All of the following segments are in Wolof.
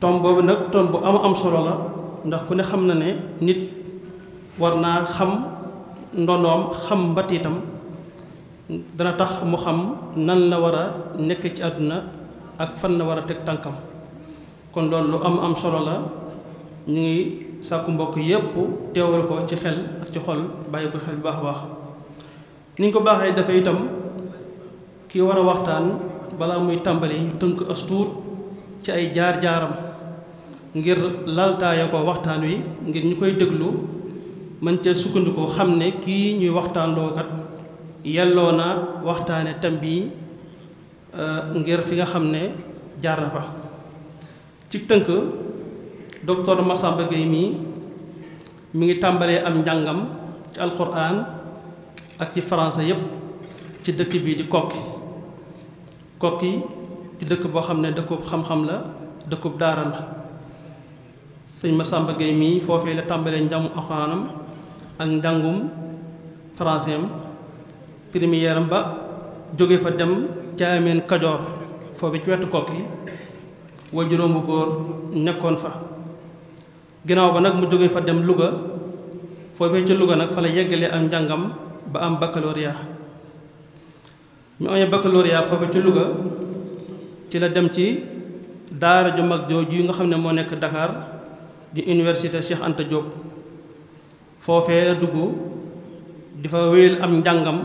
tom boobu nag ton bu am am solo la ndax ku ne xam na ne nit war naa xam ndonoom xam mbatiitam dana tax mu xam nan la war a nekk ci àdduna ak fan la war a teg tànkam kon loolu lu am am solo la ñu ngi sàkku mbokk yépp teewal ko ci xel ak ci xol bàyyi ko xel bu baax a baax niñ ko baaxee dafa itam ki war a waxtaan balaa muy tàmbali ñu tënk as ci ay jaar-jaaram ngir laltaaya ko waxtaan wi ngir ñu koy déglu mën cee sukkandiku xam ne kii ñuy waxtaanloo kat yelloo na waxtaane tam bii euh, ngir fi nga xam ne jaar na fa ci tënk docteur Massamba Gueye mii mu ngi tàmbalee am njàngam ci alquran ak ci français yépp ci dëkk bii di kokki kokki di dëkk boo xam ne dëkkub xam-xam la dëkkub daara la sëñ Massamba Gueye mii foofee la tàmbalee njàngu alxuraanam ak njàngum français am ba jóge fa dem Caameen Kajoor foofee ci wetu kokki wa juróom bu góor nekkoon fa ginnaaw ba nag mu jóge fa dem Louga foofee ca Louga nag fa la yeggalee am njàngam ba am baccalauréat ñu amee baccalauréat foofee ci Louga ci la dem ci daara ju mag jooju yi nga xam ne moo nekk dakaar di université Cheikh Anta Diop foofee la dugg di fa wéyal am njàngam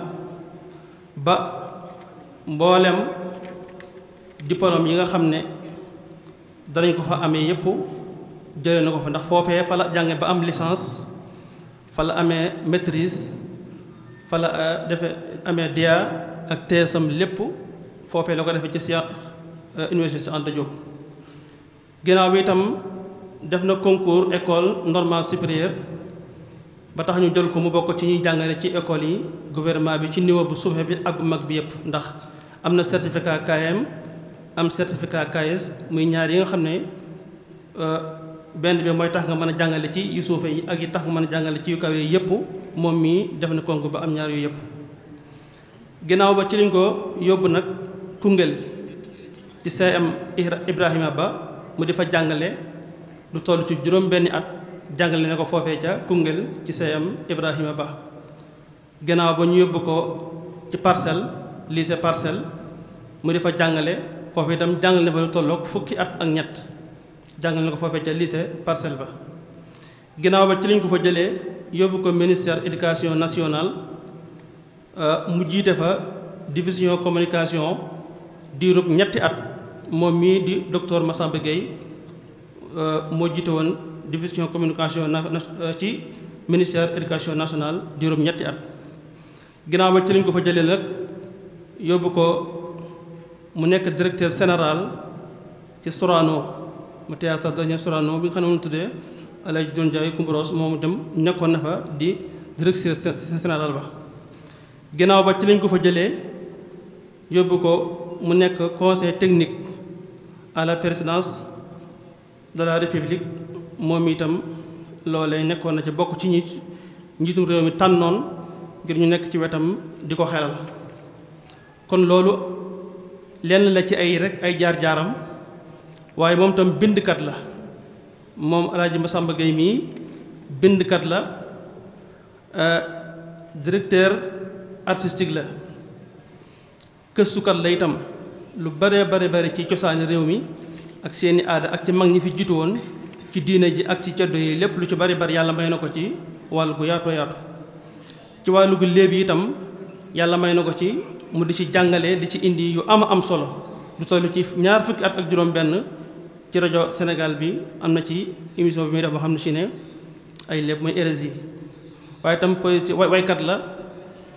ba mbooleem diplôme yi nga xam ne danañ ko fa amee yépp jëlee na ko fa ndax foofee fa la jànge ba am licence fa la amee maîtrise fa la euh, defe amee DEA ak teesam lépp foofee la ko defee ci Cheikh euh, université Anta Diop ginnaaw bi itam def na concours école normale supérieure ba tax ñu jël ko mu bokk ci ñuy jàngale ci école yi gouvernement bi ci niveau bu suufe bi ak mag bi yëpp ndax am na certificat KM am certificat KS muy ñaar yi nga xam ne euh, benn bi mooy tax nga mën a jàngale ci yu suufe yi ak yi tax nga mën a jàngale ci yu kawe yëpp moom mii def na concours ba am ñaar yooyu yëpp ginnaaw ba ci liñ ko yóbbu nag Koungheul ci CM Ibrahima Ba mu di fa jàngale lu toll ci juróom-benni at jàngale na ko foofee ca Koungheul ci seeyam Ibrahima Ba gannaaw ba ñu yóbbu ko ci parcelle lycée parcelle mu di fa jàngale foofu itam jàngale ne ba fukki at ak ñett jàngale ne ko foofee ca lycée parcelle ba gannaaw ba ci lañ ko fa jëlee yóbbu ko ministère éducation nationale euh, mu jiite fa division communication diirub ñetti at moom mii di docteur Massamba Gueye Euh, moo jiite woon division communication na euh, ci ministère éducation nationale juróom ñetti at ginnaaw ba ci lañ ko fa jëlee nag yóbbu ko mu nekk directeur sénéral ci Sorano mu théâtre dañu Sorano bi nga xam ne moom tuddee Alaaji Doon Jaay Kumburoos moom itam nekkoon na fa di directeur sénéral ba ginnaaw ba ci lañ ko fa jëlee yóbbu ko mu nekk conseil technique à la présidence de la moom itam loolee nekkoon na ci bokk ci nit njiitum réew mi tànnoon ngir ñu nekk ci wetam di ko xelal kon loolu lenn la ci ay rekk ay jaar-jaaram waaye moom itam bindkat la moom Alaaji sàmba gay mii bindkat la euh, directeur artistique la gëstukat la itam lu bare bare bare ci cosaanu réew mi ak seeni aada ak ci mag ñi fi jiitu woon ci diine ji ak ci ceddo yi lépp lu ci bari bari yàlla may na ko ci wàll gu yaatu yaatu ci wàllu gu léeb yi itam yàlla may na ko ci mu di ci jàngale di ci indi yu ama am solo du tollu ci ñaar fukki at ak juróom benn ci rajo Sénégal bi am na ci émission bi muy def boo xam ne si ne ay léeb mooy hérésie waaye itam poésie waykat la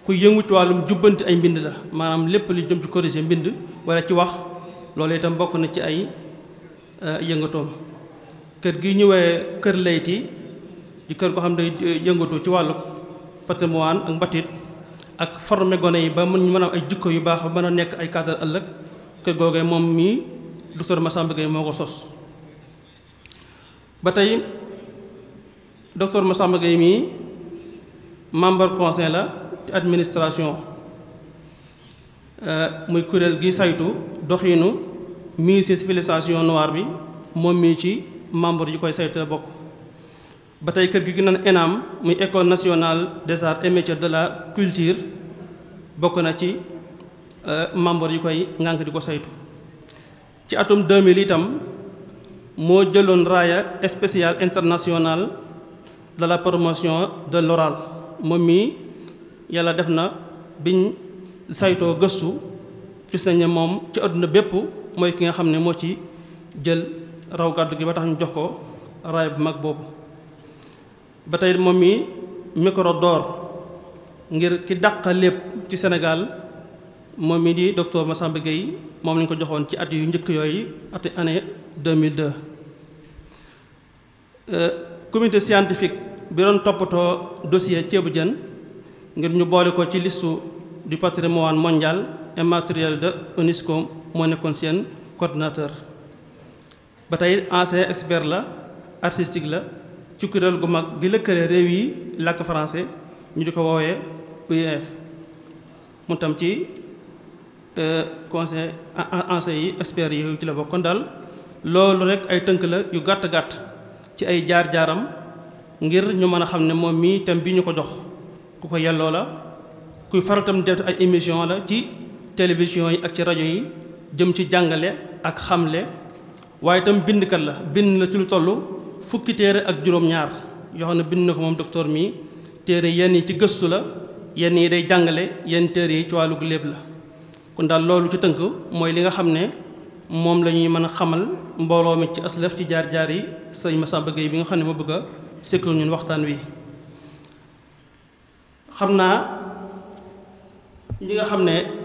ku yëngu ci wàllum jubbanti ay mbind la maanaam lépp lu jëm ci corriger mbind wala ci wax loolu itam bokk na ci ay Eh, yëngatoom kër gi ñëwee kër layti di kër goo xam ne yëngatu ci wàllu patrimoine ak mbatit ak formé gone yi ba mën ñu mën ay jukko yu baax ba mën a nekk ay cadre ëllëg kër googee moom mii docteur Massamba Gueye moo ko sos ba tey docteur Massamba Gueye mii membre conseil la ci administration eh, muy kuréel gi saytu doxiinu mii si civilisation noire bi moom mii ci membre yi koy saytu la bokk ba tey kër gi gi naan ENAM muy école nationale des arts et de la culture bokk na ci euh, membre yi koy ngànk di ko saytu ci atum 2000 itam moo jëloon raaya spécial international de la promotion de l'oral moom mii yàlla def na biñ saytoo gëstu gis nañ ne moom ci àdduna bépp mooy ki nga xam ne moo ci jël raw gàddu gi ba tax ñu jox ko raay bu mag boobu ba tey moom mi micro d'or ngir ki dàq lépp ci senegal moom mi di docteur Massamba Gueye moom lañ ko joxoon ci at yu njëkk yooyu ati année 2002 euh, comité scientifique bi doon toppatoo dossier ceebu jën ngir ñu boole ko ci listu du patrimoine mondial immatériel de UNESCO moo nekkoon seen coordinateur ba tey ancien expert la artistique la ci kuréel gu mag bi lëkkalee réew yi làkk français ñu di ko woowee UEF mu tam ci euh, conseil ancien yi expert yi ci la bokk kon daal loolu rek ay tënk la yu gàtt-gàtt ci ay jaar-jaaram ngir ñu mën a xam ne moom mii tam bi ñu ko jox ku ko yelloo la kuy faral tam def ay émission la ci télévision yi ak ci rajo yi jëm ci jàngale ak xamle waaye itam bindkat la bind na ci lu toll fukki téere ak juróom-ñaar yoo xam ne bind na ko moom docteur mii téere yenn yi ci gëstu la yenn yi day jàngale yenn téere yi ci wàllug léeb la kon daal loolu ci tënk mooy li nga xam ne moom la ñuy mën a xamal mbooloo mi ci aslaf ci jaar-jaar yi sëñ Massamba Gueye bi nga xam ne ma bëgg a ñun waxtaan wi xam naa ñi nga xam ne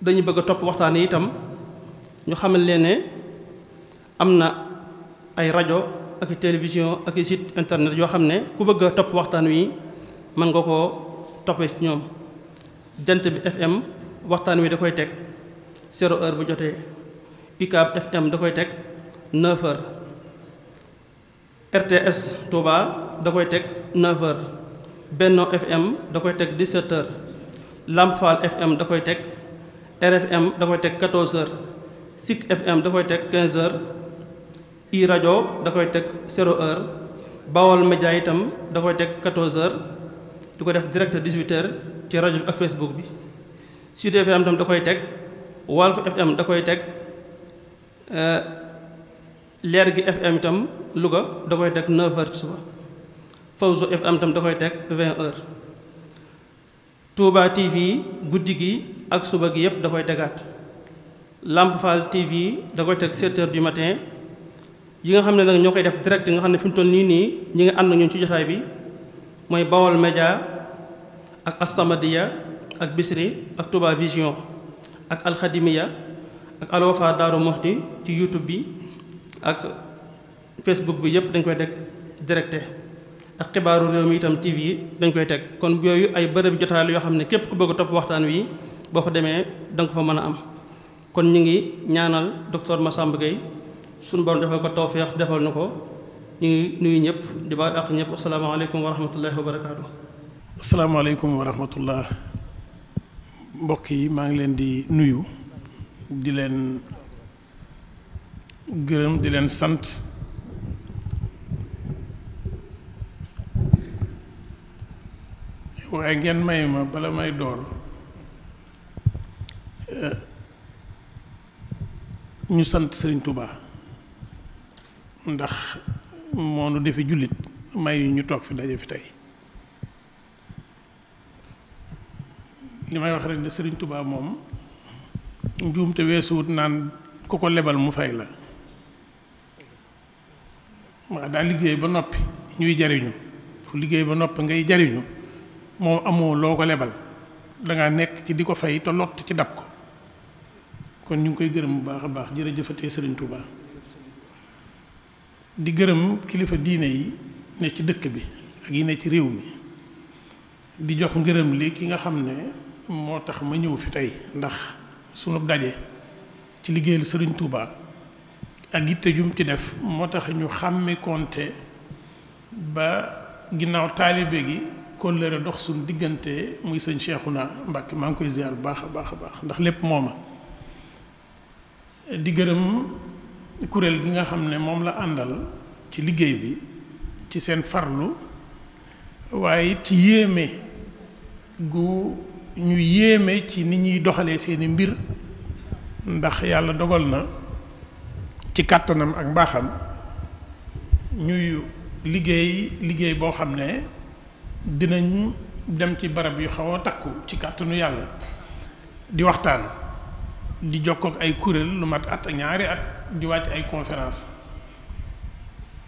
dañu bëgg a topp waxtaan yi itam ñu xamal leen ne am na ay rajo ak i ak sit site internet yoo xam ne ku bëgg a topp waxtaan wi mën nga koo toppee ci ñoom jant bi FM waxtaan wi da koy teg sero heure bu jotee UCAB FM da koy teg neuf heures RTS Touba da koy teg neuf heures Benno FM da koy teg dix-sept heures Lamp FM da koy teg RFM da koy teg 14 heures SIC FM da koy teg 15 heures rajo da koy teg 0 eur Bawol media itam da koy teg 14 heures di ko def direct 18 ci rajo bi ak Facebook bi Sud FM itam da koy teg Walf FM da koy teg eh, leer gi FM itam Louga da koy teg 9 heures ci suba FM itam da koy teg 20 heures Touba TV guddi gi ak suba gi yëpp da koy tegaat làmp Fall TV da koy teg 7 heures du matin yi nga xam ne nag ñoo koy def direct nga xam ne fi mu toll nii nii ñi ngi ànd ñun ci jotaay bi mooy Bawol Média ak Assamadiya ak bisiri ak tubaa Vision ak Alxadimiya ak Alwafa Daaru Moxti ci YouTube bi ak Facebook bi yëpp dañ koy teg directe ak xibaaru réew mi itam TV dañ koy teg kon yooyu ay bërëb jotaay yoo xam ne képp ku bëgg topp waxtaan wi boo fa demee danga ko fa mën a am kon ñu ngi ñaanal ma Massamba Gueye suñu borom defal ko tawfeex defal na ko ñu ngi nuyu ñëpp di baal ak ñëpp asalaamaaleykum wa rahmatullahi wa barakaatu. asalaamaaleykum mbokk yi maa ngi leen di nuyu di leen gërëm di leen sant waaye ngeen may ma bala may door. ñu sant sëriñ tubaa ndax moo nu defi jullit may ñu toog fi daje fi tey li may wax rek ne Serigne Touba moom njuumte weesuwut naan ku ko lebal mu fay la waaw daa liggéey ba noppi ñuy jariñu fu liggéey ba noppi ngay jariñu moo amoo loo ko lebal dangaa nekk ci di ko fay te lott ci dab ko kon ñu ngi koy gërëm bu baax a baax jërëjëfatee Sëriñ Touba di gërëm kilifa diine yi ne ci dëkk bi ak ci réew mi di jox ngërëm li ki nga xam ne moo tax ma ñëw fi tey ndax sunu daje ci liggéeyal Sëriñ Touba ak yitte jum ci def moo tax ñu xàmme ba ginnaaw taalibe gi kóllëre dox diggante muy sëñ Cheikhouna Mbacke maa ngi koy ziar bu baax a baax a baax ndax lépp mooma di gërëm kuréel gi nga xam ne moom la àndal ci liggéey bi ci seen farlu waaye ci yéeme gu ñu yéeme ci ni ñuy doxalee seeni mbir ndax yàlla dogal na ci kàttanam ak mbaaxam ñuy liggéey liggéey boo xam ne dinañ dem ci barab yu xaw a takku ci kàttanu yàlla di waxtaan di jokkook ay kuréel lu mat at ñaari at di wàcc ay conference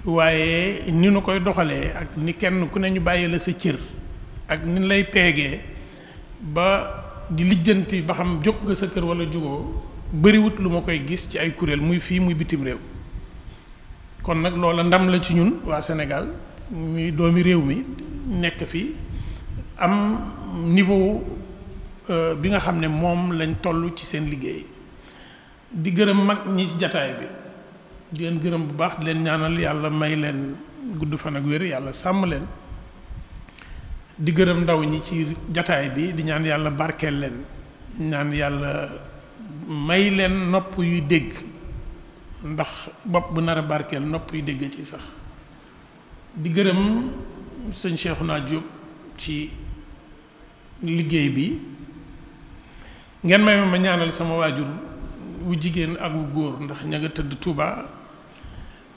waaye ni nu koy doxalee ak ni kenn ku ne ñu bàyyi la sa cër ak ni lay peegee ba di lijjanti ba xam jóg nga sa kër wala jugoo bariwut lu ma koy gis ci ay kuréel muy fii muy bitim réew kon nag loola ndam la ci ñun waa senegal muy doomi réew mi nekk fii am niveau Euh, bi nga xam ne moom lañ toll ci seen liggéey di gërëm mag ñi ci jataay bi di leen gërëm bu baax leen ñaanal yàlla may leen gudd fan ak wér yàlla sàmm leen di gërëm ndaw ñi ci jataay bi di ñaan yàlla barkeel leen ñaan yàlla may leen nopp yuy dégg ndax bopp bu nar a barkeel nopp yuy dégg ci sax di gërëm sëñ naa Diop ci liggéey bi ngeen may ma ñaanal sama waajur wu jigéen ak wu góor ndax ña tëdd Touba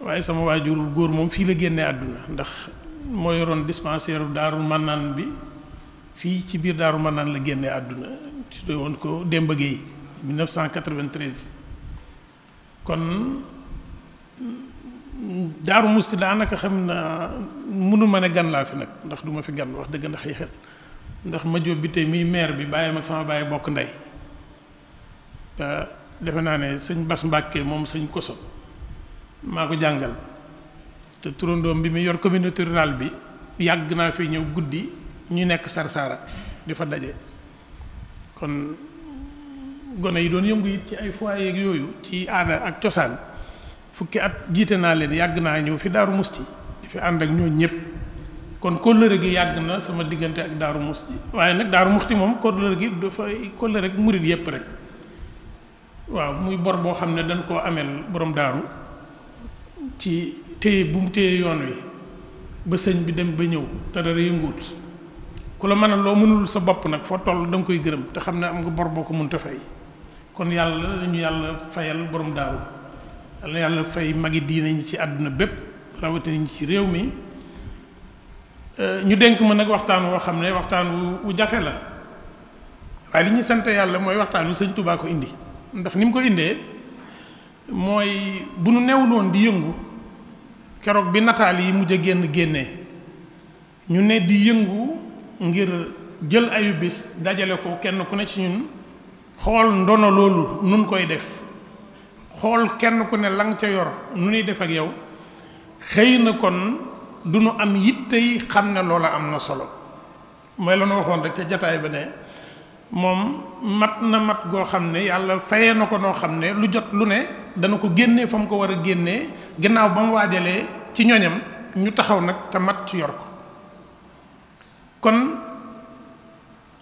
waaye sama waajur wu góor moom fii la génnee àdduna ndax moo yoroon dispensaire daarul mannaan bi fii ci biir daarul mannaan la génnee àdduna ci woon ko Demba Gueye 1993 kon daaru musti daanaka xam na mënu ma ne gan laa fi nag ndax du ma fi gan wax dëgg ndax yi xel ndax ma jóob bi tey mii maire bi bàyyam ak sama bàyyi bokk ndey defe naa ne suñ Bas Mbàkke moom suñ Koso maa ko jàngal te turandoom bi mu yor communauté rural bi yàgg naa fi ñëw guddi ñu nekk Sarsara di fa daje kon gone yi doon yëngu yit ci ay fois ak yooyu ci aada ak cosaan fukki at jiite naa leen yàgg naa ñëw fi Daaru Musti di fi ànd ak ñooñu ñëpp kon kóllëre gi yàgg na sama diggante ak Daaru Musti waaye nag Daaru Musti moom kóllëre gi dafay kóllëre rek murit yëpp rek waaw muy bor boo xam ne dañ koo ameel borom daaru ci téye bu mu téye yoon wi ba sëñ bi dem ba ñëw te dara yënguut ku la man a loo mënul sa bopp nag foo toll da koy gërëm te xam ne am nga bor boo ko mënta fay kon yàlla ñu yàlla fayal borom daaru yàlla yàlla mag magi diine ñi ci àdduna bépp rawatina ñi ci réew mi euh, ñu dénk ma nag waxtaan woo xam ne waxtaan wu jafe la waaye li ñu sant yàlla mooy waxtaan wi sëñ Tuubaa ko indi ndax ni mu ko indee mooy bu nu newloon di yëngu keroog bi nataal yi mujj a génn génne ñu ne di yëngu ngir jël ayu bis dajale ko kenn ku ne ci ñun xool ndono loolu nun koy def xool kenn ku ne lang ca yor nu nuy def ak yow xëy na kon du nu am yittey xam ne loola am na solo mooy la nu waxoon rek ca jataay ba ne moom mat na mat goo xam ne yàlla fayee na ko noo xam ne lu jot lu ne dana ko génnee fa mu ko war a génnee gannaaw ba mu waajalee ci ñoñam ñu taxaw nag te mat ci yor ko kon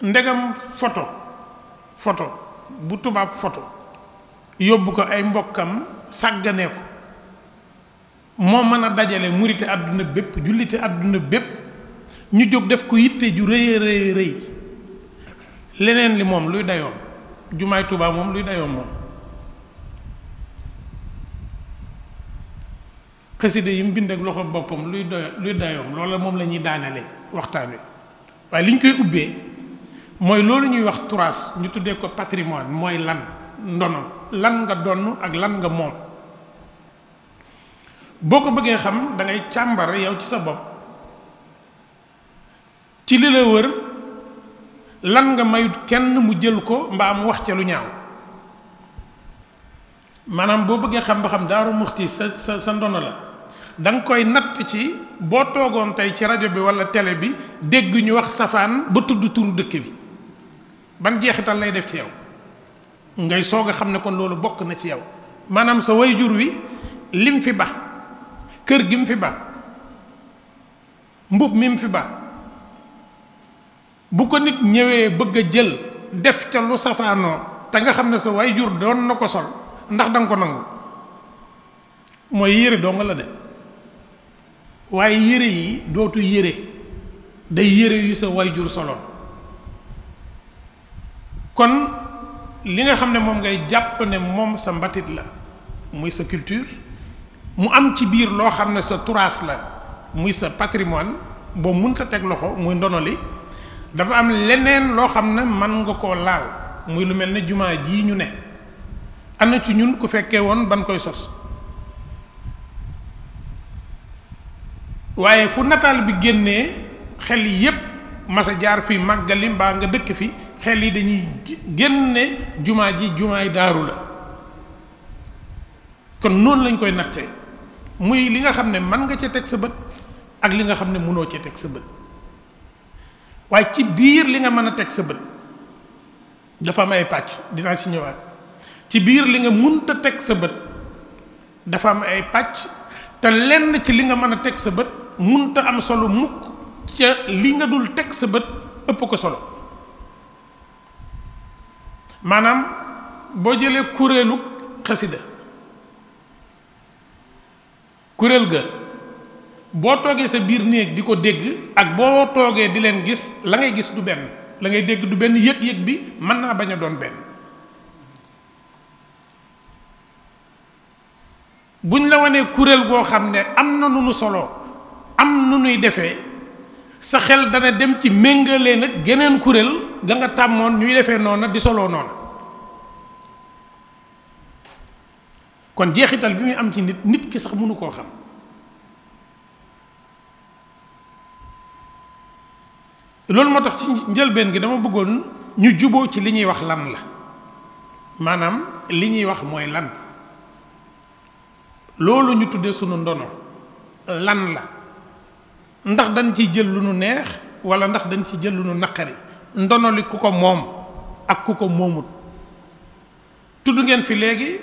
ndegam foto foto bu tubaab foto yóbbu ko ay mbokkam sàgganee ko moo mën a dajale murite àdduna bépp jullite àdduna bépp ñu jóg def ko yitte ju rëy rëy rëy leneen li moom luy dayoom jumaay Tuubaa moom luy dayoom moom xasida yi mu bind ak loxo boppam luy dayoom loolu la moom lañuy daanale waxtaan wi waaye li ñu koy ubbee mooy loolu ñuy wax turaas ñu tuddee ko patrimoine mooy lan ndono lan nga donn ak lan nga moom boo ko bëggee xam dangay ngay càmbar yow ci sa bopp ci li la wër lan nga mayut kenn mu jël ko mbaa wax ca lu ñaaw maanaam boo bëggee xam ba xam daaru muxti sa sa sa ndono la danga koy natt ci boo toogoon tey ci rajo bi wala tele bi dégg ñu wax safaan ba tudd turu dëkk bi ban jeexital lay def ci yow ngay soog a xam ne kon loolu bokk na ci yow maanaam sa way-jur wi lim fi ba kër gi mu fi ba mbub mi mu fi ba bu ko nit ñëwee bëgg a jël def ca lu safaanoo te nga xam ne sa way jur doon na ko sol ndax danga ko nangu mooy yére doo nga la de waaye yére yi dootu yére day yére yu sa way jur soloon kon li nga xam ne moom ngay jàpp ne moom sa mbatit la muy sa culture mu am ci biir loo xam ne sa turaas la muy sa patrimoine boo munta teg loxo muy ndono li dafa am leneen loo xam ne man nga koo laal muy lu mel ne jumaa jii ñu ne am na ci ñun ku fekkee woon ban koy sos waaye fu nataal bi génnee xel yépp masa jaar fi màggali mbaa nga dëkk fi xel yi dañuy ne jumaa ji jumaay daaru la kon noonu lañ koy nattee muy li nga xam ne mën nga ca teg sa bët ak li nga xam ne mënoo ca teg sa bët waaye ci biir li nga mën a teg sa bët dafa am ay pàcc dinaa ci ñëwaat ci biir li nga munta teg sa bët dafa am ay pàcc te lenn ci li nga mën a teg sa bët munta am solo mukk ca li nga dul teg sa bët ëpp ko solo maanaam boo jëlee kuréelu xasida kuréel ga boo toogee sa biir néeg di ko dégg ak boo toogee di leen gis la ngay gis du benn la ngay dégg du benn yëg-yëg bi mën naa bañ a doon benn buñ la wanee kuréel goo xam ne am na nu nu solo am nu nuy defee sa xel dana dem ci méngalee nag geneen kuréel ga nga tàmmoon ñuy defee noona di solo noona kon jeexital bi muy am ci nit nit ki sax mënu koo xam loolu moo tax ci njëlbeen gi dama bëggoon ñu juboo ci li ñuy wax lan la maanaam li ñuy wax mooy lan loolu ñu tuddee suñu ndono lan la ndax dañ ci jël lu nu neex wala ndax dañ ci jël lu nu naqari ndono li ku ko moom ak ku ko moomut tudd ngeen fi léegi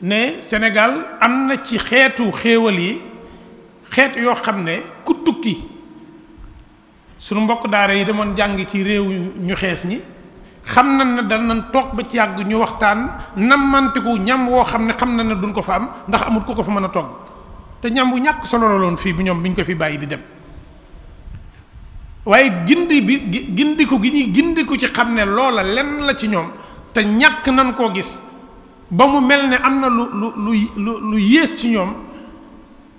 ne senegal am na ci xeetu xéewal yi xeet yoo xam ne ku tukki sunu mbokk daara yi demoon jàng ci réew ñu xees ñi xam na ne danañ toog ba ci yàgg ñu waxtaan namanteku ñam woo xam ne xam na ne duñ ko fa am ndax amut ko ko fa mën a togg te ñam bu ñàkk solo la loon fii bi ñoom bi ñu ko fi bàyyi di dem waaye gindi bi gindiku gi ñuy gindiku ci xam ne loola lenn la ci ñoom te ñàkk nan koo gis ba mu mel ne am na lu lu lu lu yées ci ñoom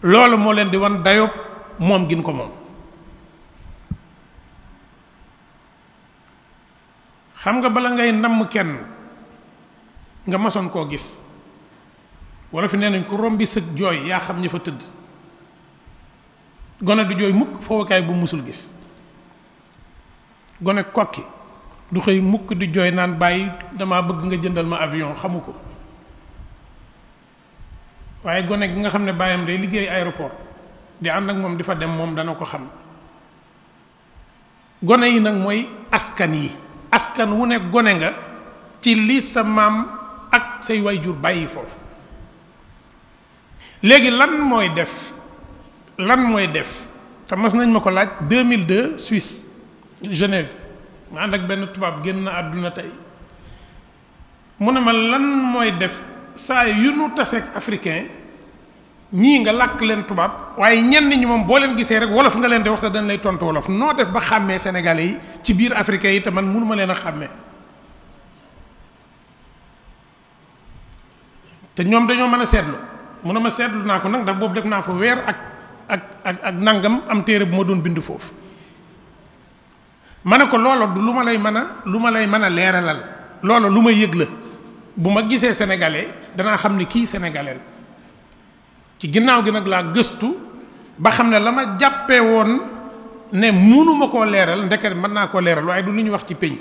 loola moo leen di wan dayoob moom gin ko moom xam nga bala ngay namm kenn nga masoon koo gis wala fi nee nañ ku rombi sëg jooy yaa xam ñi fa tëdd gone du jooy mukk fowukaay bu musul gis gone kokki du xëy mukk di jooy naan bàyyi dama bëgg nga jëndal ma avion xamu ko waaye gone gi nga xam ne bàyyam day liggéey aéroport di ànd ak moom di fa dem moom dana ko xam gone yi nag mooy askan yi askan wu ne gone nga ci lii sa maam ak say jur bàyyi foofu léegi lan mooy def lan mooy def te mas nañ ma ko laaj 2002 Suisse Genève ma ànd ak benn tubaab génn na àdduna tey mu ne ma lan mooy def saa yu nu taseeg africain ñii nga làkk leen tubaab waaye ñenn ñi moom boo leen gisee rek wolof nga leen di wax te dañ lay tontu wolof noo def ba xàmmee sénégalais yi ci biir africain yi te man mënuma leen a xàmmee te ñoom dañoo mën a seetlu mun a ma seetlu naa ko nag ndax boobu def naa fa weer ak ak ak nangam am téere bu ma doon bind foofu ma ne ko loola lu ma lay mën a lu ma lay mën a leeralal loola lu ma yëg la bu ma gisee sénégalais danaa xam ne kii sénégalais ci ginnaaw gi nag laa gëstu ba xam ne la ma jàppe woon ne munuma koo leeral ndeket mën naa koo leeral waaye du lu ñu wax ci pénc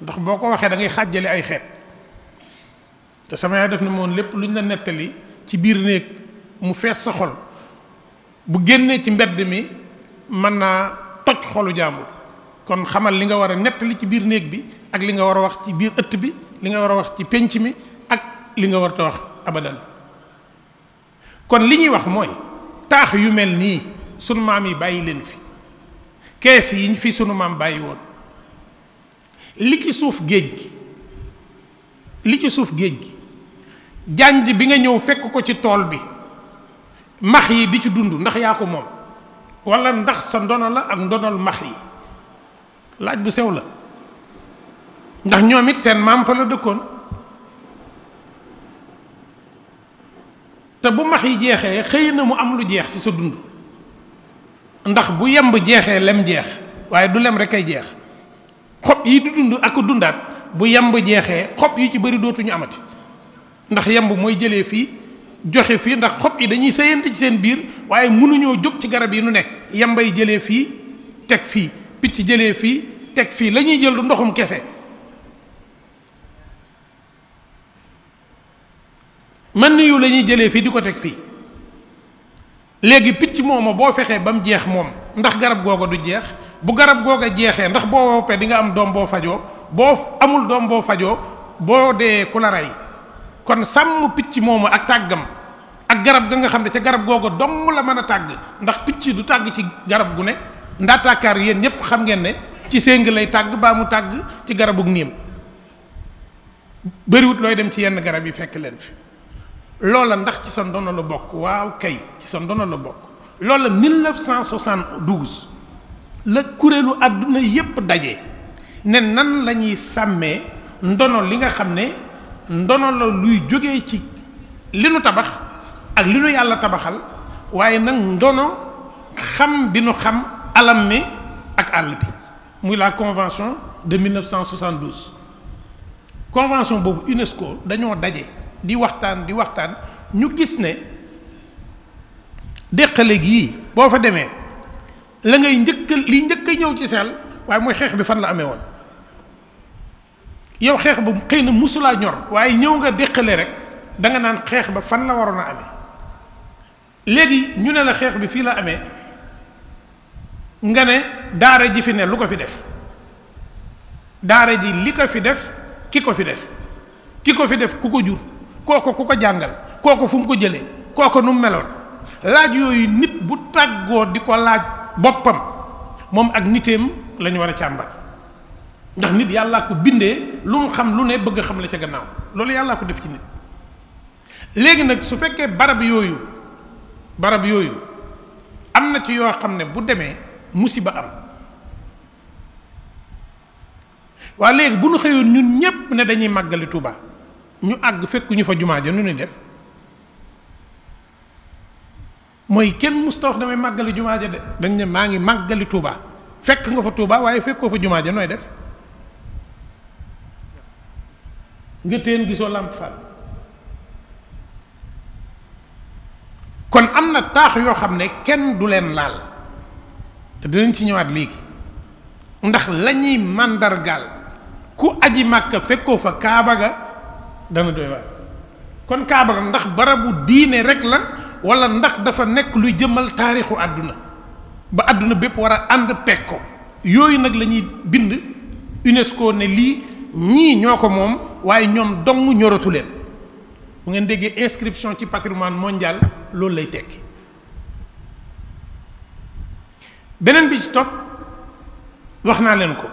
ndox boo ko waxee dangay ngay xàjjale ay xeet te sama yaay def na moom lépp lu ñu la nettali ci biir néeg mu fees sa xol bu génnee ci mbedd mi mën naa toj xolu jàmbur kon xamal li nga war a nettali ci biir néeg bi ak li nga war a wax ci biir ëtt bi li nga war a wax ci pénc mi ak li nga war a wax abadan kon li ñuy wax mooy taax yu mel nii sunu maam yi bàyyi leen fi kees yi fi sunu maam bàyyi woon li ci suuf géej gi li ci suuf géej gi jànj bi nga ñëw fekk ko ci tool bi max yi di ci dund ndax yaa ko moom wala ndax sa ndono la ak ndonol max yi laaj bu sew la ndax ñoom it seen maam fa la dëkkoon te bu max yi jeexee xëy na mu am lu jeex ci sa dund ndax bu yemb jeexee lem jeex waaye du lem rek ay jeex xob yi du dund ak dundaat bu yemb jeexee xob yu ci bëri dootuñu amati ndax yemb mooy jëlee fii joxe fii ndax xob yi dañuy sëyante ci seen biir waaye mënuñoo jóg ci garab yi nu nekk yembay jëlee fii teg fii picc jëlee fii teg fii lañuy ñuy jël du ndoxum kese mën na yu la ñuy jëlee fii di ko teg fii léegi picc moomu boo fexee ba mu jeex moom ndax garab googa du jeex bu garab googa jeexee ndax boo woppee di nga am doom boo fajoo boo amul doom boo fajoo boo dee ku kon sàmm picc moomu ak tàggam ak garab ga nga xam ne ca garab googa domm la mën a tàgg ndax picc du tàgg ci garab gu ne ndaa tàkkaar yéen ñépp xam ngeen ne ci séng lay tàgg baa mu tàgg ci garabu niim bariwut looy dem ci yenn garab yi fekk leen fi loola ndax ci sa ndono la bokk waaw kay ci sa ndono la bokk loola 1972 la kuréelu àdduna yépp daje ne nan lañuy sàmmee ndono li nga xam ne ndono la luy jógee ci li nu tabax ak li nu yàlla tabaxal waaye nag ndono xam bi nu xam alam mi ak àll bi muy la convention de 1972 convention boobu UNESCO dañoo daje. di waxtaan di waxtaan ñu gis ne déqale gii boo fa demee la ngay njëkk li njëkk a ñëw ci seel waaye mooy xeex bi fan la amee woon yow xeex bu xëy na musulaa ñor waaye ñëw nga déqale rek danga naan xeex ba fan la waroon a amee léegi ñu ne la xeex bi fii la amee nga ne daara ji fi ne lu ko fi def daara ji li ko fi def ki ko fi def ki ko fi def ku ko jur kooko ku ko jàngal kooku fu mu ko jële kooko nu mu meloon laaj yooyu nit bu tàggoo di ko laaj boppam moom ak niteem la war a càmbar ndax nit yàllaa ko bindee lu mu xam lu ne bëgg xam la ca gannaaw loolu yàllaa ko def ci nit léegi nag su fekkee barab yooyu barab yooyu am na ci yoo xam ne bu demee musiba am waa léegi bu ñu xëyoon ñun ñépp ne dañuy màggale Tuubaa ñu àgg fekkuñu fa jumaa ja nu ni def mooy kenn musta damay màggali jumaa ja de dañ ne maa ngi màggali Touba fekk nga fa Touba waaye fekkoo fa jumaa ja nooy def nga teen gisoo làmp Fall kon am na taax yoo xam ne kenn du leen laal te dinañ ci ñëwaat léegi ndax lañuy màndargaal ku aji màkka fekkoo fa kaaba ga dana kon kaaba ndax barabu diine rek la wala ndax dafa nekk luy jëmmal taarixu àdduna ba àdduna bépp war a ànd peg ko yooyu nag lañuy bind UNESCO ne lii ñii ñoo ko moom waaye ñoom dong ñoratu leen bu ngeen déggee inscription ci patrimoine mondial loolu lay tekki beneen bi ci topp wax naa leen ko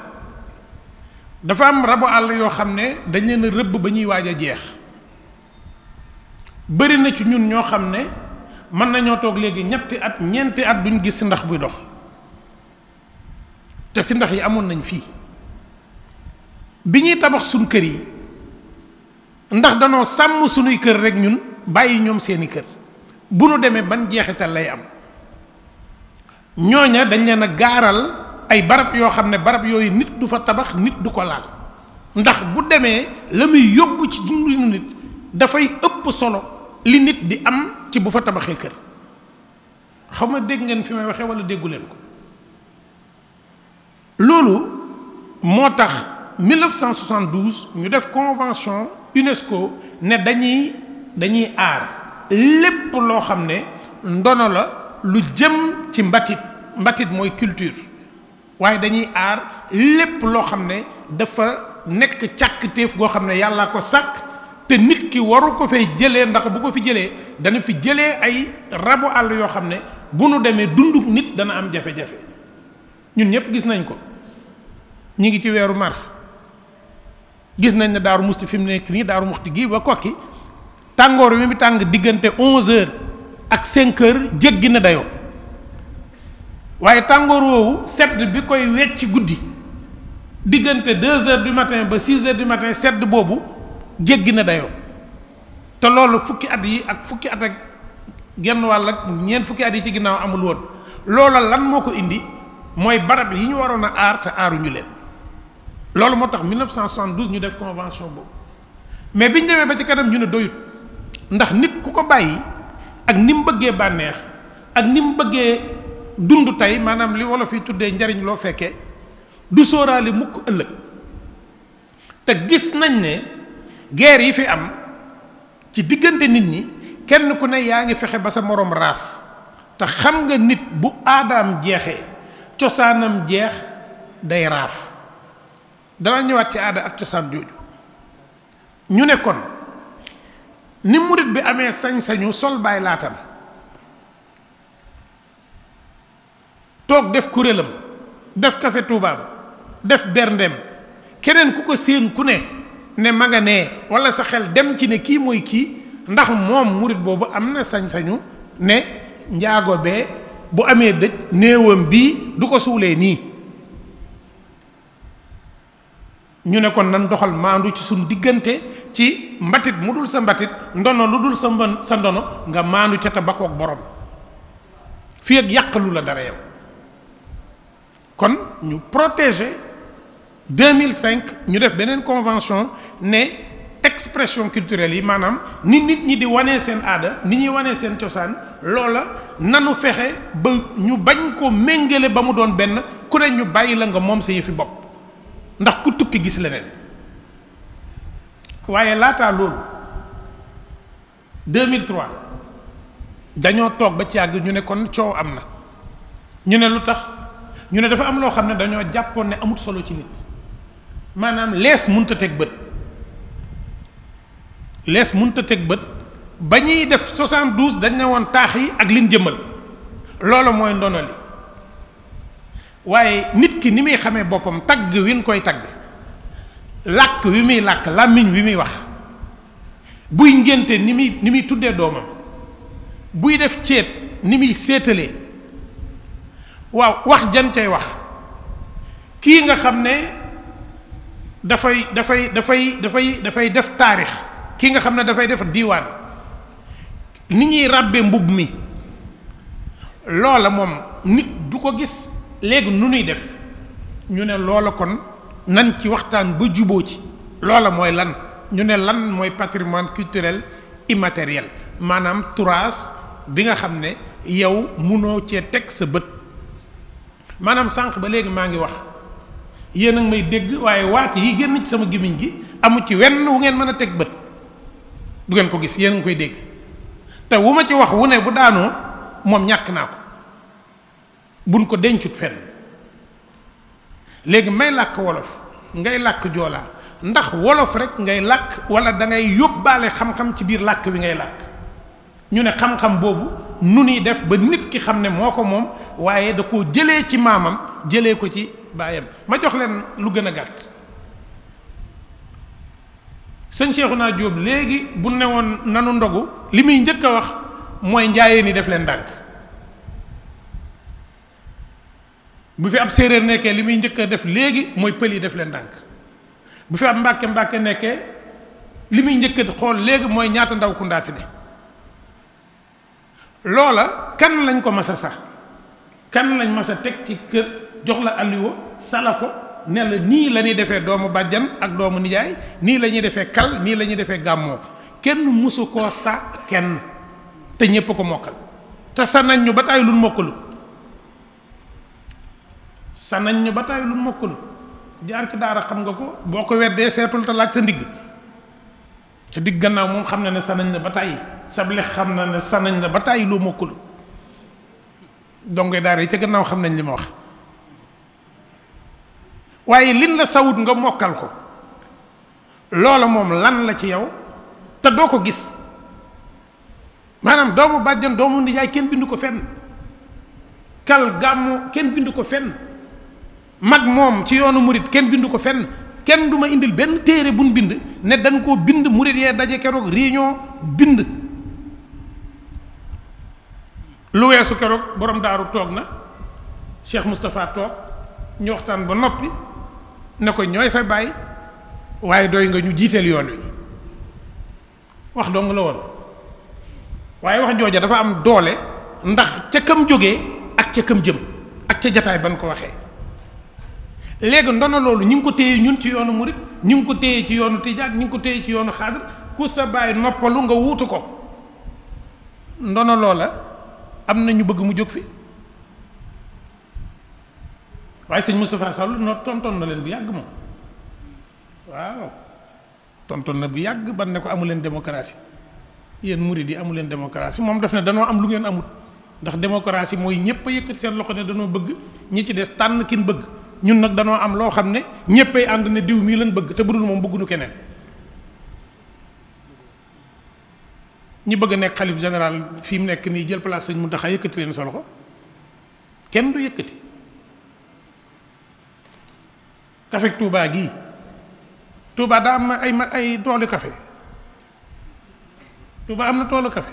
dafa am rabu àll yoo xam ne dañ leen a rëbb ba ñuy waaj a jeex bëri na ci ñun ñoo xam ne mën nañoo toog léegi ñetti at ñeenti at duñ gis si ndax buy dox te si ndax yi amoon nañ fii bi ñuy tabax suñ kër yi ndax danoo sàmm suñuy kër rek ñun bàyyi ñoom seeni kër bu nu demee ban jeexital lay am ñooña dañ leen a gaaral ay barab yoo xam ne barab yooyu nit du fa tabax nit du ko laal ndax bu demee la muy yóbbu ci dundinu nit dafay ëpp solo li nit di am ci bu fa tabaxee kër xaw ma dégg ngeen fi may waxee wala déggu leen ko loolu moo tax 1972 ñu def convention UNESCO ne dañuy dañuy aar lépp loo xam ne ndono la lu jëm ci mbatit mbatit mooy culture waaye dañuy aar lépp loo xam ne dafa nekk càkkutéef goo xam ne yàllaa ko sàkk te nit ki waru ko fay jëlee ndax bu ko fi jëlee dañu fi jëlee ay rabu àll yoo xam ne bu nu demee dunduk nit dana am jafe-jafe ñun ñëpp gis nañ ko ñu ngi ci weeru mars gis nañ ne daaru musti fi mu nekk nii daaru musti gii ba kokki tàngoor wi mu tàng diggante onze heures ak cinq kër jéggi na dayoo waaye tàngoor woowu sedd bi koy wecc guddi diggante deux heures du matin ba six heures du matin sedd boobu jéggi na dayoo te loolu fukki at yi ak fukki at ak genn wàll ak ñeent fukki at yi ci ginnaaw amul woon loola lan moo ko indi mooy barab yi ñu waroon a aar te aaruñu leen loolu moo tax 1972 ñu def convention boobu mais bi ñu demee ba ci kanam ñu ne doyut ndax nit ku ko bàyyi ak ni mu bëggee bànneex ak ni mu bëggee dund tey maanaam li wolof yi tuddee njariñ loo fekke du sóoraale mukk ëllëg te gis nañ ne guerre yi fi am ci diggante nit ñi kenn ku ne yaa ngi fexe ba sa moroom raaf te xam nga nit bu aadaam jeexee cosaanam jeex day raaf danaa ñëwaat ci aada ak cosaan jooju ñu ne kon ni murit bi amee sañ-sañu sol baay laatam toog def kuréelam def kafe Touba def berndem keneen ku ko séen ku ne ne ma nga wala sa xel dem ci ne kii mooy kii ndax moom murit boobu am na sañ-sañu ne njaago bee bu amee dëj néewam bii du ko suulee nii ñu ne kon nan doxal maandu ci suñ diggante ci mbatit mu dul sa mbatit ndono lu dul sa sa ndono nga maandu ca te bakkoog borom fii ak yàqalu la dara yow kon ñu protéger 2005 ñu def beneen convention ne expression culturelle yi maanaam ni nit ñi di wane seen aada ni ñuy wanee seen cosaan loola nanu fexe ba ñu bañ ko méngale ba mu doon benn ku ne ñu bàyyi la nga moom sa fi bopp ndax ku tukki gis leneen waaye laataa loolu 2003 dañoo toog ba ci àgg ñu ne kon coow am na ñu ne lu tax. ñu ne dafa am loo xam ne dañoo jàppoon ne amut solo ci nit maanaam lees munta teg bët lees munta teg bët ba ñuy def 72 dañ ne woon taax yi ak lin jëmmal loolu mooy ndono li waaye nit ki ni muy xamee boppam tagg win koy tagg làkk wi muy làkk làmmiñ wi muy wax buy ngénte ni muy ni muy tuddee doomam buy def ceet ni muy séetalee waaw wax jan cay wax kii nga xam ne dafay dafay dafay dafay dafay def taarix kii nga xam ne dafay def diiwaan ni ñuy ràbbee mbubb mi loola moom nit du ko gis léegi nu nuy def ñu ne loola kon nan ci waxtaan ba juboo ci loola mooy lan ñu ne lan mooy patrimoine culturel immatériel maanaam turaas bi nga xam ne yow munoo cee teg sa bët maanaam sànq ba léegi maa ngi wax yéen a ngi may dégg waaye waat yi génn ci sama gémmiñ gi amu ci wenn wu ngeen mën a teg bët du ngeen ko gis yéen a ngi koy dégg te wu ma ci wax wu ne bu daanoo moom ñàkk naa ko buñ ko dencut fenn léegi may làkk wolof ngay làkk joolaa ndax wolof rek ngay làkk wala da ngay yóbbaale xam-xam ci biir làkk bi ngay làkk ñu ne xam-xam boobu nu ñuy def ba nit ki xam ne moo ko moom waaye da koo jëlee ci maamam jëlee ko ci baayam ma jox leen lu gën a gàtt sëñ naa Diop léegi bu ne woon nanu ndogu li muy njëkk a wax mooy njaayeen ni def leen dànk bu fi ab séeréer nekkee li muy njëkk a def léegi mooy pël yi def leen dànk bu fi ab mbàkke mbàkke nekkee li muy njëkk a xool léegi mooy ñaata ndaw ku ndaa fi ne loola kan lañ ko mas a sax kan lañ mas a teg ci kër jox la alluwa sala ko ne nii lañuy defee doomu bàjjan ak doomu nijaay nii lañuy defee kal nii lañuy defee gàmmoo kenn mësu koo sa kenn te ñépp ko mokkal te sa nañ ñu ba tàyyi lu mokkalu sa nañ ñu ba tàyyi lu mokkalu jaar ci daara xam nga ko boo ko weddee seetul te laaj sa ndigg sa digg gannaaw moom xam na ne sanañ la ba tàyyi sable xam na ne sanañ la ba tàyyi loo mokkul donge daara yi ca gannaaw xam nañ li ma wax waaye lin la sawut nga mokkal ko loola moom lan la ci yow te doo ko gis maanaam doomu bàjjan doomu nijaay kenn bindu ko fenn kal gàmmu kenn bindu ko fenn mag moom ci yoonu murit kenn bindu ko fenn kenn du ma indil benn téere buñ bind ne dañ koo bind murit yee daje keroog réunion bind lu weesu keroog borom daaru toog na Cheikh Moustapha toog ñu ba noppi ne ko ñooy sa baay waaye doy nga ñu jiiteel yoon wi wax dong la woon waaye wax jooja dafa am doole ndax ca kam jóge ak ca kam jëm ak ca jataay ba ban ko waxee léegi ndono loolu ñu ngi ko téye ñun ci yoonu murit ñu ngi ko téye ci yoonu tijaan ñu ko téye ci yoonu xaadir ku sa baay noppalu nga wuutu ko ndono loola am na ñu bëgg mu jóg fi waaye sëñ Moustapha Sall noo tontoon na leen bu yàgg moom waaw tontoon na bu yàgg ban ne ko amu leen démocratie yéen murit yi amu leen démocratie moom def na danoo am lu ngeen amut ndax démocratie mooy ñëpp a yëkkati seen loxo ne danoo bëgg ñi ci des tànn kin bëgg. ñun nag danoo am loo xam ne ñëppay ànd ne diw mii lañ bëgg te bu dul moom bëgguñu keneen ñi bëgg a nekk xalif général fii mu nekk nii jël place sëñ Muntaxa yëkkati leen sa loxo kenn du yëkkati kafe tuubaa gii Touba daa am ay ma ay toolu kafe Touba am na toolu kafe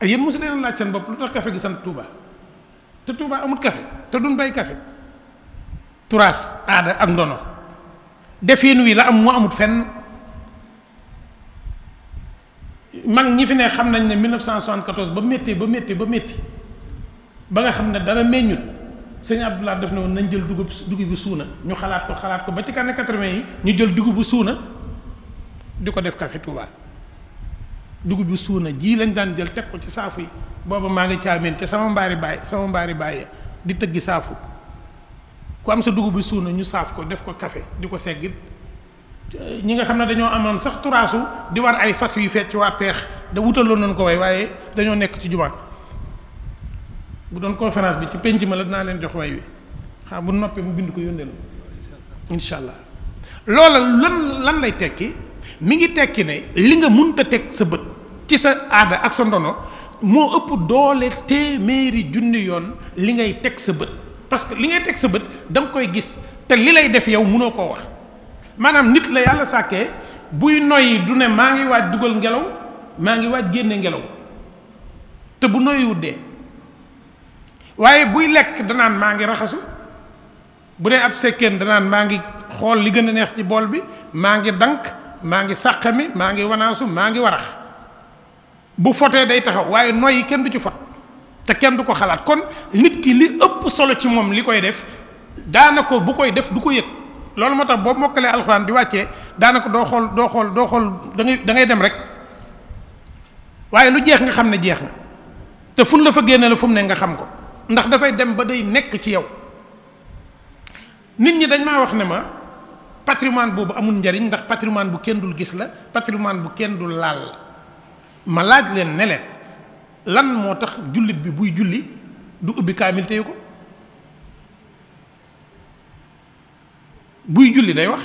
ay yéen mosu leen laaj seen bopp lu tax kafe gi sant Touba. te Touba amut café te duñ bay café turaas aada ak ndono defin wi la am moo amut fenn mag ñi fi ne xam nañ ne 1974 ba métti ba métti ba métti ba nga xam ne dara meññut sëñ Abdoulaye def na woon nañ jël dugub dugub bu suuna ñu xalaat ko xalaat ko ba ci kanam 80 yi ñu jël dugub bu suuna di ko def café Touba. dugub bi suuna jii lañ daan jël teg ko ci saafu yi booba maa ngi caameen ca sama mbaari baay sama mbaari baay di tëgg saafu ku am sa dugub bi suuna ñu saaf ko def ko kafe di ko segg ñi nga xam ne dañoo amoon sax turaasu di war ay fas yu fecc waa peex da wutaloon nañ ko way waaye dañoo nekk ci jumaa bu doon conférence bi ci penc ma la dinaa leen jox way wi xam bu noppee mu bind ko yónneel incha allah loola lan lan lay tekki mi ngi tekki ne li nga munta teg sa bët ci sa aada ak sa ndono moo ëpp doole téeméeri junni yoon li ngay teg sa bët parce que li ngay teg sa bët da koy gis te li lay def yow mënoo koo wax maanaam nit la yàlla sàkkee buy noy du ne maa ngi waaj dugal ngelaw maa ngi waaj génne ngelaw te bu noyyiwut de waaye buy lekk danaan maa ngi raxasu bu dee ab sekkeen danaan maa ngi xool li gën a neex ci bool bi maa ngi dank maa ngi sàqami maa ngi wanaasu maa ngi warax bu fotee day taxaw waaye yi kenn du ci fot te kenn du ko xalaat kon nit ki li ëpp solo ci moom li koy def daanaka bu koy def du ko yëg loolu moo tax boo mokkalee alxuraan di wàccee daanaka doo xool doo xool doo xool da ngay dem rek waaye lu jeex nga xam ne jeex na te fun la fa génne la fu ne nga xam ko ndax dafay dem ba day nekk ci yow nit ñi dañ maa wax ne ma patrimoine boobu amul njariñ ndax patrimoine bu kenn dul gis la patrimoine bu kenn dul laal la malaaj laaj leen neleen lan moo tax jullit bi buy julli du ubbi kaamil téye ko buy julli day wax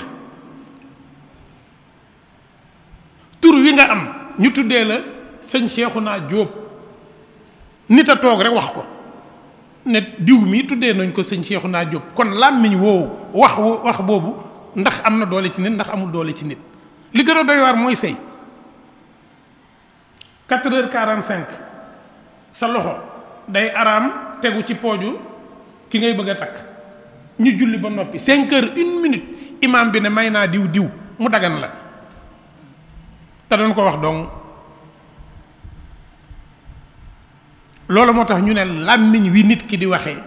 tur wi nga am ñu tuddee la sëñ naa Jóob nit a toog rek wax ko ne diw mii tuddee nañ ko sëñ naa Jóob kon làmmiñ woowu wax wax boobu ndax am na doole ci nit ndax amul doole ci nit li gën a doy waar mooy sëy quatre quarante cinq sa loxo day araam tegu ci pooju ki ngay bëgg a takk ñu julli ba noppi cinq heures une minute imam bi ne may naa diw diw mu dagan la te doon ko wax dong loolu moo tax ñu ne làmmiñ wi nit ki di waxee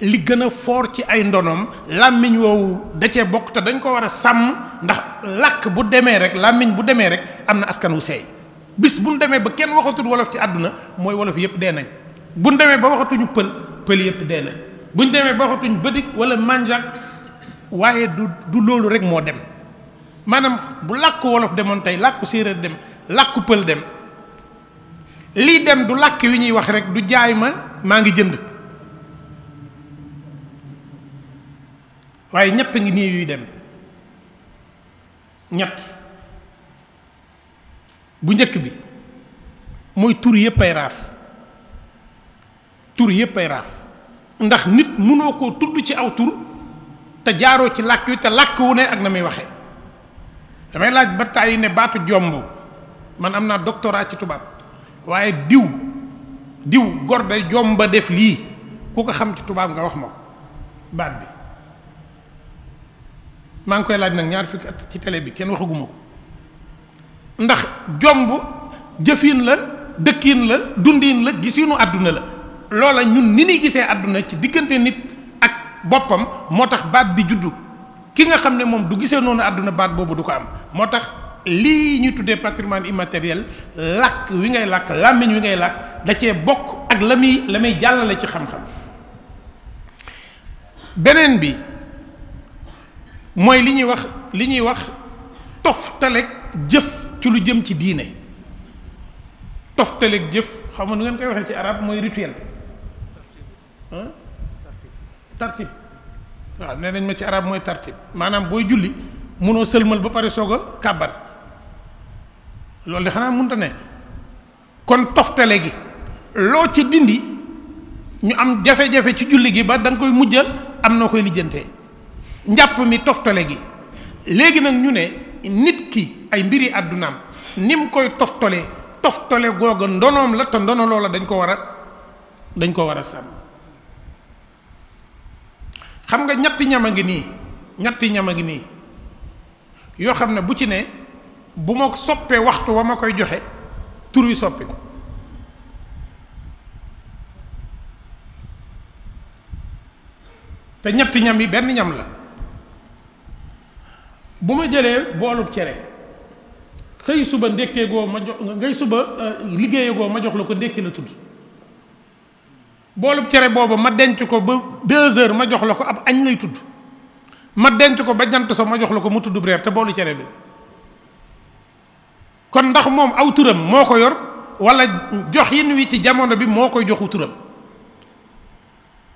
li gën a foor ci ay ndonoom làmmiñ woowu da cee bokk te dañ ko war a sàmm ndax làkk bu demee rek làmmiñ bu demee rek am na askan wu seey bis bu ñu demee ba kenn waxatul wolof ci àdduna mooy wolof yëpp dee nañ bu ñu demee ba waxatuñu pël pël yëpp dee nañ bu ñu demee ba waxatuñu bëdik wala manjak waaye du du loolu rek moo dem maanaam bu làkk wolof demoon tey làkk séeréer dem làkk pël dem lii dem du làkk wi ñuy wax rek du jaay ma maa ngi jënd waaye ñett ngi nii yuy dem ñett bu njëkk bi mooy tur yëpp ay raaf tur yëpp ay raaf ndax nit mënoo koo tudd ci aw tur te jaaroo ci làkk wi te làkk wu ne ak na muy waxee damay laaj ba tàyyi ne baatu jomb man am naa doctorat ci tubaab waaye diw diw gor day jomba def lii ku ko xam ci tubaab nga wax ma ko baat bi maa ngi koy laaj nag ñaar fukki at ci tele bi kenn waxaguma ko ndax jomb jëfin la dëkkin la dundiin la gisinu àdduna la loola ñun ni ñuy gisee àdduna ci diggante nit ak boppam moo tax baat bi juddu ki nga xam ne moom du gisee noonu àdduna baat boobu du ko am moo tax lii ñuy tuddee patrimoine immatériel làkk wi ngay làkk làmmiñ wi ngay làkk da ceeb bokk ak la muy la muy jàllale ci xam-xam beneen bi mooy li ñuy wax li ñuy wax toftaleeg jëf ci lu jëm ci diine toftaleeg jëf xam nu ngeen koy waxee ci arab mooy rituel tartib waaw nee nañ ma ci araab mooy tartib maanaam booy julli mënoo sëlmal ba pare soog a kàbbar loolu de xanaa mënta ne kon toftale gi loo ci dindi ñu am jafe-jafe ci julli gi ba da nga koy mujj am noo koy lijjante njàpp mi toftale gi léegi nag ñu ne nit ki ay mbiri àddunaam ni mu koy toftalee toftale googa ndonoom la te ndono loola dañ ko war a dañ ko war a sàmm xam nga ñetti ñam a ngi nii ñetti ñam a ngi nii yoo xam ne bu ci ne bu ma soppee waxtu wa ma koy joxe tur wi soppi ko te ñetti ñam yi benn ñam la bu ma jëlee boolub cere xëy suba ndékkee goo ma jox ngay suba euh, liggéeye goo ma jox la ko ndékki la tudd boolub cere boobu ma denc ko ba deux heures ma jox la ko ab añ lay tudd ma denc ko ba jant sa ma jox la ko mu tudd reer te boolu cere bi kon ndax moom aw turam moo ko yor wala joxin wi ci jamono bi moo koy joxu turam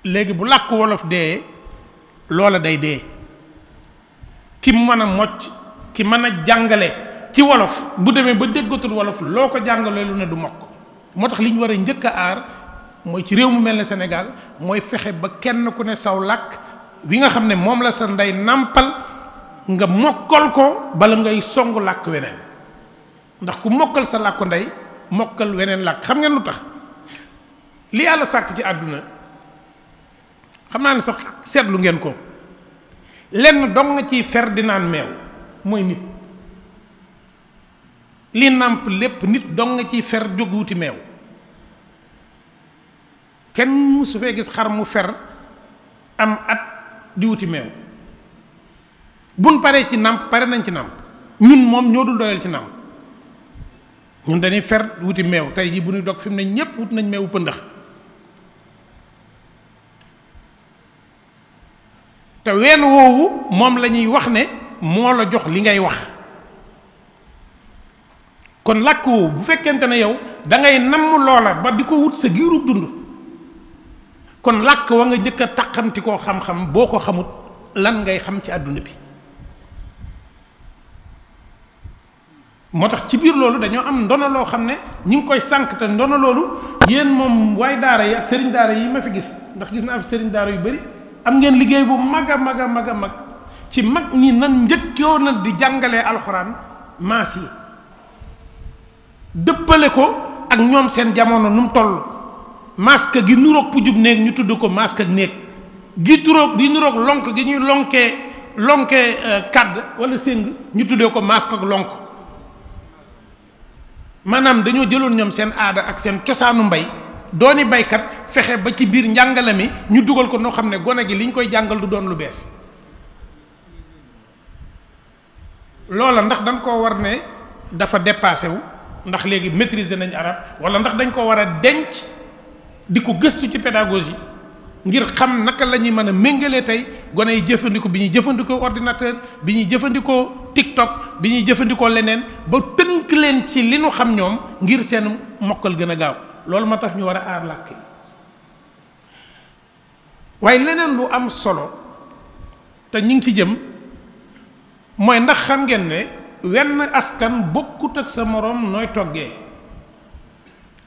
léegi bu làkk wolof dee loola day dee ki mën a mocc ki mën a jàngale ci wolof bu demee ba déggatul wolof loo ko jàngalee lu ne du mokk moo tax li ñu war a njëkk aar mooy ci réew mu mel ne Sénégal mooy fexe ba kenn ku ne saw làkk bi nga xam ne moom la sa ndey nàmpal nga mokkal ko bala ngay songu làkk weneen ndax ku mokkal sa làkku ndey mokkal weneen làkk xam ngeen lu tax li yàlla sàkk ci àdduna xam naa ne sax seetlu ngeen ko lenn dong nga ciy fer di naan meew mooy nit li nàmp lépp nit dong nga ciy fer jóg wuti meew kenn su fee gis xar mu fer am at di wuti meew bun paree ci nàmp pare nañ ci nàmp ñun moom ñoo dul doyal ci nàmp ñun dañuy fer wuti meew tey jii bu ñu dog fi mu ñépp wut nañ meewu pëndax te ween woowu moom lañuy wax ne moo la jox li ngay wax kon làkk woowu bu fekkente ne yow da ngay namm loola ba di ko wut sa giirub dund kon làkk wa nga njëkk a taqamti koo xam-xam boo ko xamut lan ngay xam ci àdduna bi moo tax ci biir loolu dañoo am ndono loo xam ne ñu ngi koy sànq te ndono loolu yéen moom waay daara yi ak sëriñ daara yi ma fi gis ndax gis naa fi sëriñ daara yu bari am ngeen liggéey bu mag a mag a mag a mag ci mag ñi nan njëkkoo na di jàngale alxuraan maas yi dëppale ko ak ñoom seen jamono nu mu toll masque gi nuroog pujub néeg ñu tudd ko masque ak néeg gi turoog gi nuroog lonk gi ñuy lonkee lonkee euh, kàdd wala séng ñu tuddee ko masque ak lonk maanaam dañoo jëloon ñoom seen aada ak seen cosaanu mbay dooni baykat fexe ba ci biir njàngale mi ñu dugal ko noo xam ne gone gi liñ koy jàngal du doon lu bees loola ndax dañ koo war ne dafa dépassé wu ndax léegi maîtriser nañ arab wala ndax dañ koo war a denc di ko gëstu ci pédagogie ngir xam naka la ñuy mën a méngalee tey gone yi jëfandikoo bi ñuy jëfandikoo ordinateur bi ñuy jëfandikoo TikTok bi ñuy jëfandikoo leneen ba tënk leen ci li nu xam ñoom ngir seen mokkal gën a gaaw loolu moo tax ñu war a aar làkk yi waaye leneen lu am solo te ñu ngi ci jëm mooy ndax xam ngeen ne wenn askan bokkut ak sa moroom nooy toggee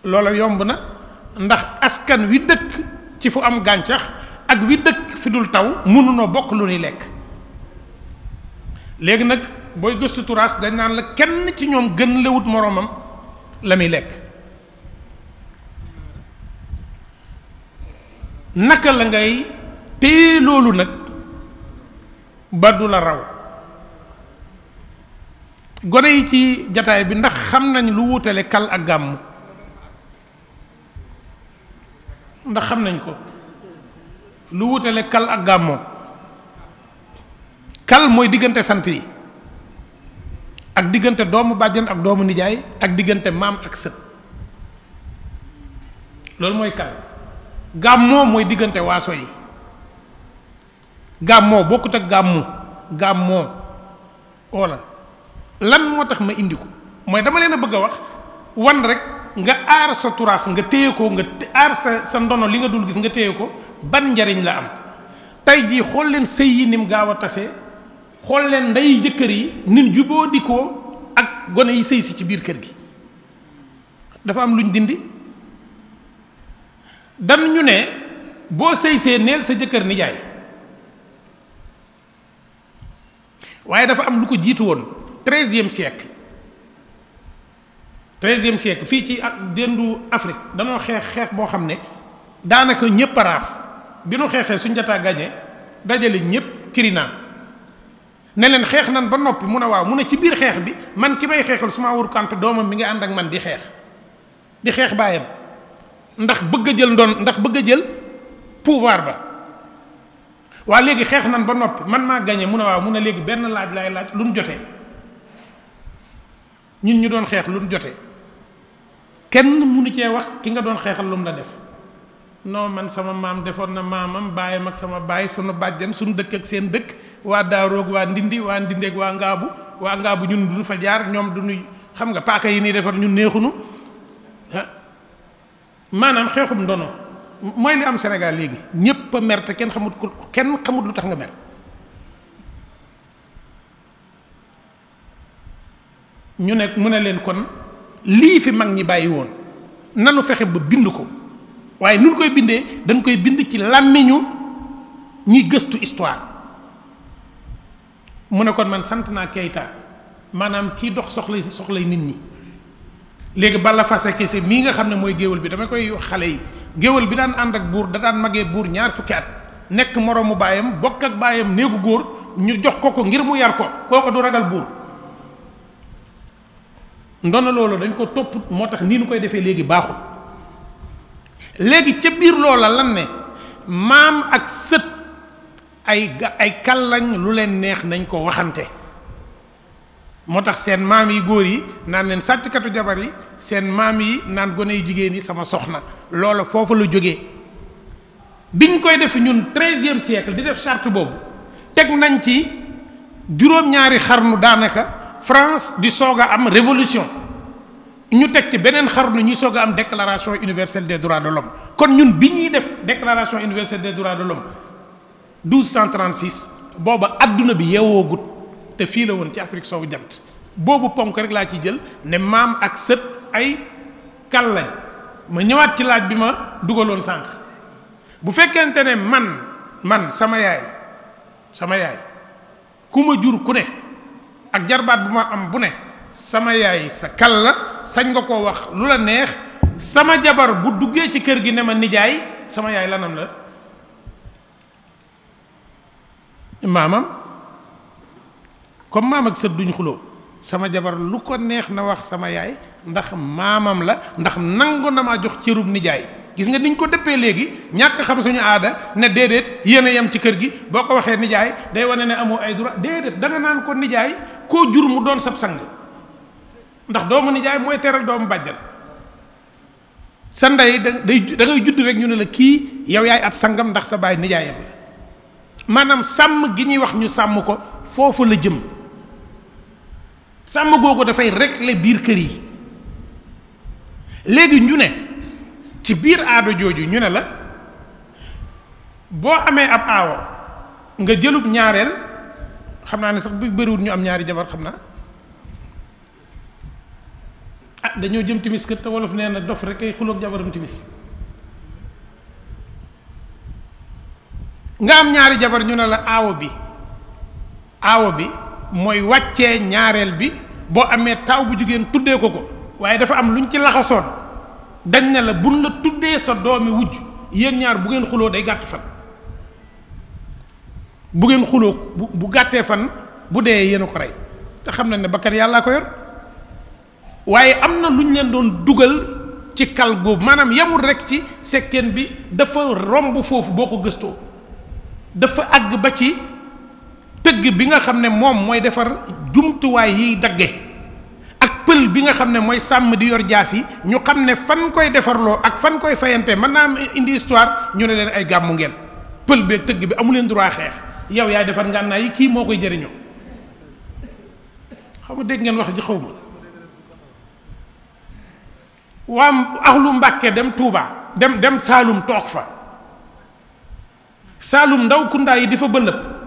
loola yomb na ndax askan wi dëkk ci fu am gàncax ak wi dëkk fi dul taw mënunoo bokk lu ñuy lekk léegi nag booy gëstu turaas dañ naan la kenn ci ñoom gën lewut moroomam la muy lekk naka la ngay téye loolu nag ba du la raw gone yi ci jataay bi ndax xam nañ lu wutale kal ak gàmmu ndax xam nañ ko lu wutale kal ak gàmmoo kal mooy diggante sant yi ak diggante doomu bàjjan ak doomu nijaay ak diggante maam ak sët loolu mooy kal gàmmoo mooy diggante waaso yi gàmmoo bokkut ak gàmmu gàmmoo walla lan moo tax ma indi ko mooy dama leen a bëgg a wax wan rek nga aar sa turaas nga téye ko nga aar sa sa ndono li nga dul gis nga téye ko ban njariñ la am tey jii xool leen sëy yi nim gaaw a tase xool leen ndey jëkkër yi nim juboo dikoo ak gone yi sëy si ci biir kër gi dafa am luñ dindi dan ñu ne boo sëy see neel sa jëkkër nijaay waaye dafa am lu ko jiitu woon treizième siècle treizième siècle fii ci ak dendu Afrique danoo xeex xeex boo xam ne daanaka ñëpp a raaf bi nu xeexee suñ jataa gañe dajale ñëpp kirina ne leen xeex nan ba noppi mun a waaw mun ne ci biir xeex bi man ki may xeexal su ma wur kampe doomam mi ngi ànd ak man di xeex di xeex baayam ndax bëgg jël ndoon ndax bëgg jël pouvoir ba waa léegi xeex nan ba noppi man naa gañe mu ne waaw mu ne léegi benn laaj laay laaj lu mu jotee ñun ñu doon xeex lu nu jotee kenn mënu cee wax ki nga doon xeexal lu mu la def noo man sama maam defoon na maamam baayam ak sama baay sunu bàjjan sunu dëkk ak seen dëkk waa daaroog waa ndindi waa ndindeeg waa ngaabu waa ngaabu ñun duñu fa jaar ñoom duñu xam nga paaka yi nii defar ñu neexunu ah maanaam xeexum ndono mooy li am Sénégal léegi ñëpp a mer te kenn xamut ko kenn xamut lu tax nga mer ñu ne mu ne leen kon lii fi mag ñi bàyyi woon nanu fexe ba bind ko waaye nun koy bindee dañ koy bind ci làmmiñu ñi gëstu histoire mu ne kon man sant naa Keita maanaam kii dox soxlay soxlay nit ñi léegi bala fase kese mii nga xam ne mooy géwél bi dama koy xale yi géwél bi daan ànd ak buur da daan magee buur ñaar fukki at nekk moroomu baayam bokk ak baayam néegu góor ñu jox ko ko ngir mu yar ko kooko du ragal buur ndona loolu dañ ko topp moo tax nii nu koy defee léegi baaxul léegi ca biir loola lan ne maam ak sët ay ay kàllañ lu leen neex nañ ko waxante moo tax seen maam yi góor yi naan leen sàcckatu jabar yi seen maam yi naan gone yu jigéen yi sama soxna loola foofa la jógee biñ koy def ñun treizième siècle di def charte boobu teg nañ ci juróom-ñaari xarnu daanaka France di soog a am révolution ñu teg ci beneen xarnu ñuy soog am déclaration universelle des droits de l'homme kon ñun bi ñuy def déclaration universelle des droits de l'homme 1236 booba adduna bi yeewoogut te fii la woon ci Afrique sowu jant boobu ponk rek laa ci jël ne maam ak sët ay kal lañ ma ñëwaat ci laaj bi ma dugaloon sànq bu fekkente ne man man sama yaay sama yaay ku ma jur ku ne ak jarbaat bu ma am bu ne sama yaay sa kal la sañ nga ko wax lu la neex sama jabar bu duggee ci kër gi ne ma nijaay sama yaay lanam la maamam comme maam ak sët duñ xuloo sama jabar lu ko neex na wax sama yaay ndax maamam la ndax nangu na maa jox cërub nijaay gis nga niñ ko dëppee léegi ñàkk xam suñu aada ne déedéet yéen a yem ci kër gi boo ko waxee nijaay day wane ne amoo ay droit déedéet danga naan ko nijaay koo jur mu doon sab sang ndax doomu nijaay mooy teral doomu bàjjan sa ndey da day da judd rek ñu ne la kii yow yaay ab sangam ndax sa baay nijaayam la maanaam sàmm gi ñuy wax ñu sàmm ko foofu la jëm sàmm googu dafay régler biir kër yi léegi ñu ne ci biir aado jooju ñu ne la boo amee ab aawo nga jëlub ñaareel xam naa ne sax bu bëriwul ñu am ñaari jabar xam naa ah dañoo jëm timis kër te wolof nee na dof rekk ay xuloog jabaram timis nga am ñaari jabar ñu ne la aawo bi aawo bi mooy wàcce ñaareel bi boo amee taaw bu jigéen tuddee ko ko waaye dafa am lu luñ ci laxasoon dañ ne la buñ la tuddee sa doomi wujj yéen ñaar bu ngeen xuloo day gàtt fan bu ngeen xuloo bu bu gàttee fan bu dee yéen ko rey te xam nañ ne bakkan yàllaa ko yor waaye am na luñ leen doon dugal ci kal googu maanaam yamul rekk ci sekkeen bi dafa romb foofu boo ko gëstoo dafa àgg ba ci tëgg bi nga xam ne moom mooy defar jumtuwaay yiy dagge ak pël bi nga xam ne mooy sàmm di yor jaas yi ñu xam ne fan koy defarloo ak fan koy fayante mën naa am indi histoire ñu ne leen ay gàmmu ngeen pël beeg tëgg bi amu leen droit xeex yow yaay defar ngànnaay yi kii moo koy jëriñoo xaw ma dégg ngeen wax ji xaw ma waa axlu Mbàkke dem Touba dem dem Saalum toog fa Saalum ndaw kundaa yi di fa bëllëb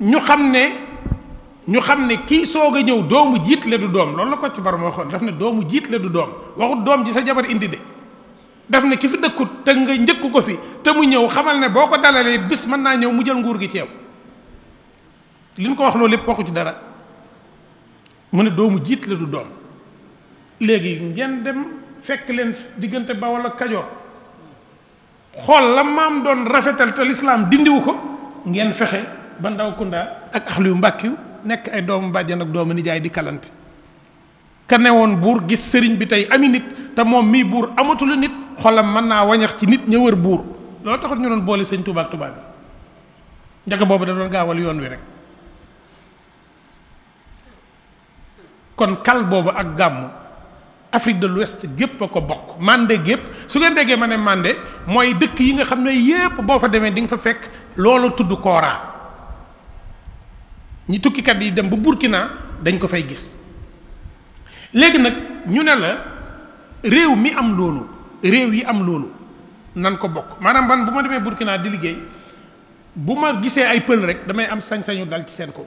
ñu xam ne ñu xam ne kii soog a ñëw doomu jiit du doom loolu la ko ci bar moo xoon daf ne doomu jiit du doom waxut doom ji sa jabar indi de daf ne ki fi dëkkut te nga njëkk ko fi te mu ñëw xamal ne boo ko dalalee bis mën naa ñëw mu jël nguur gi ci yow li ñu ko wax loolu lépp waxu ci dara mu ne doomu jiit du doom léegi ngeen dem fekk leen diggante ba walla Kajoor xool la maam doon rafetal te lislaam dindiwu ko ngeen fexe ba ndaw ak axlu yu nekk ay doomu bàjjan ak doomu nijaay di kalante ka ne woon buur gis sëriñ bi tey ami nit te moom mii buur amatul nit xolam mën naa wañax ci nit ña wër buur loo taxoon ñu doon boole sëñ Tuubaa ak bi njëkk boobu da doon gaawal yoon wi rek kon kal boobu ak gàmm Afrique de l'Ouest gépp a ko bokk mandé gépp su ngeen déggee ma ne mandé mooy dëkk yi nga xam ne yépp boo fa demee di nga fa fekk loolu tudd kooraa ñi tukkikat yi dem ba Burkina dañ ko fay gis léegi nag ñu ne la réew mi am loolu réew yi am loolu nan ko bokk maanaam ban bu ma demee Burkina di liggéey bu ma gisee ay pël rek damay am sañ-sañu dal ci seen ko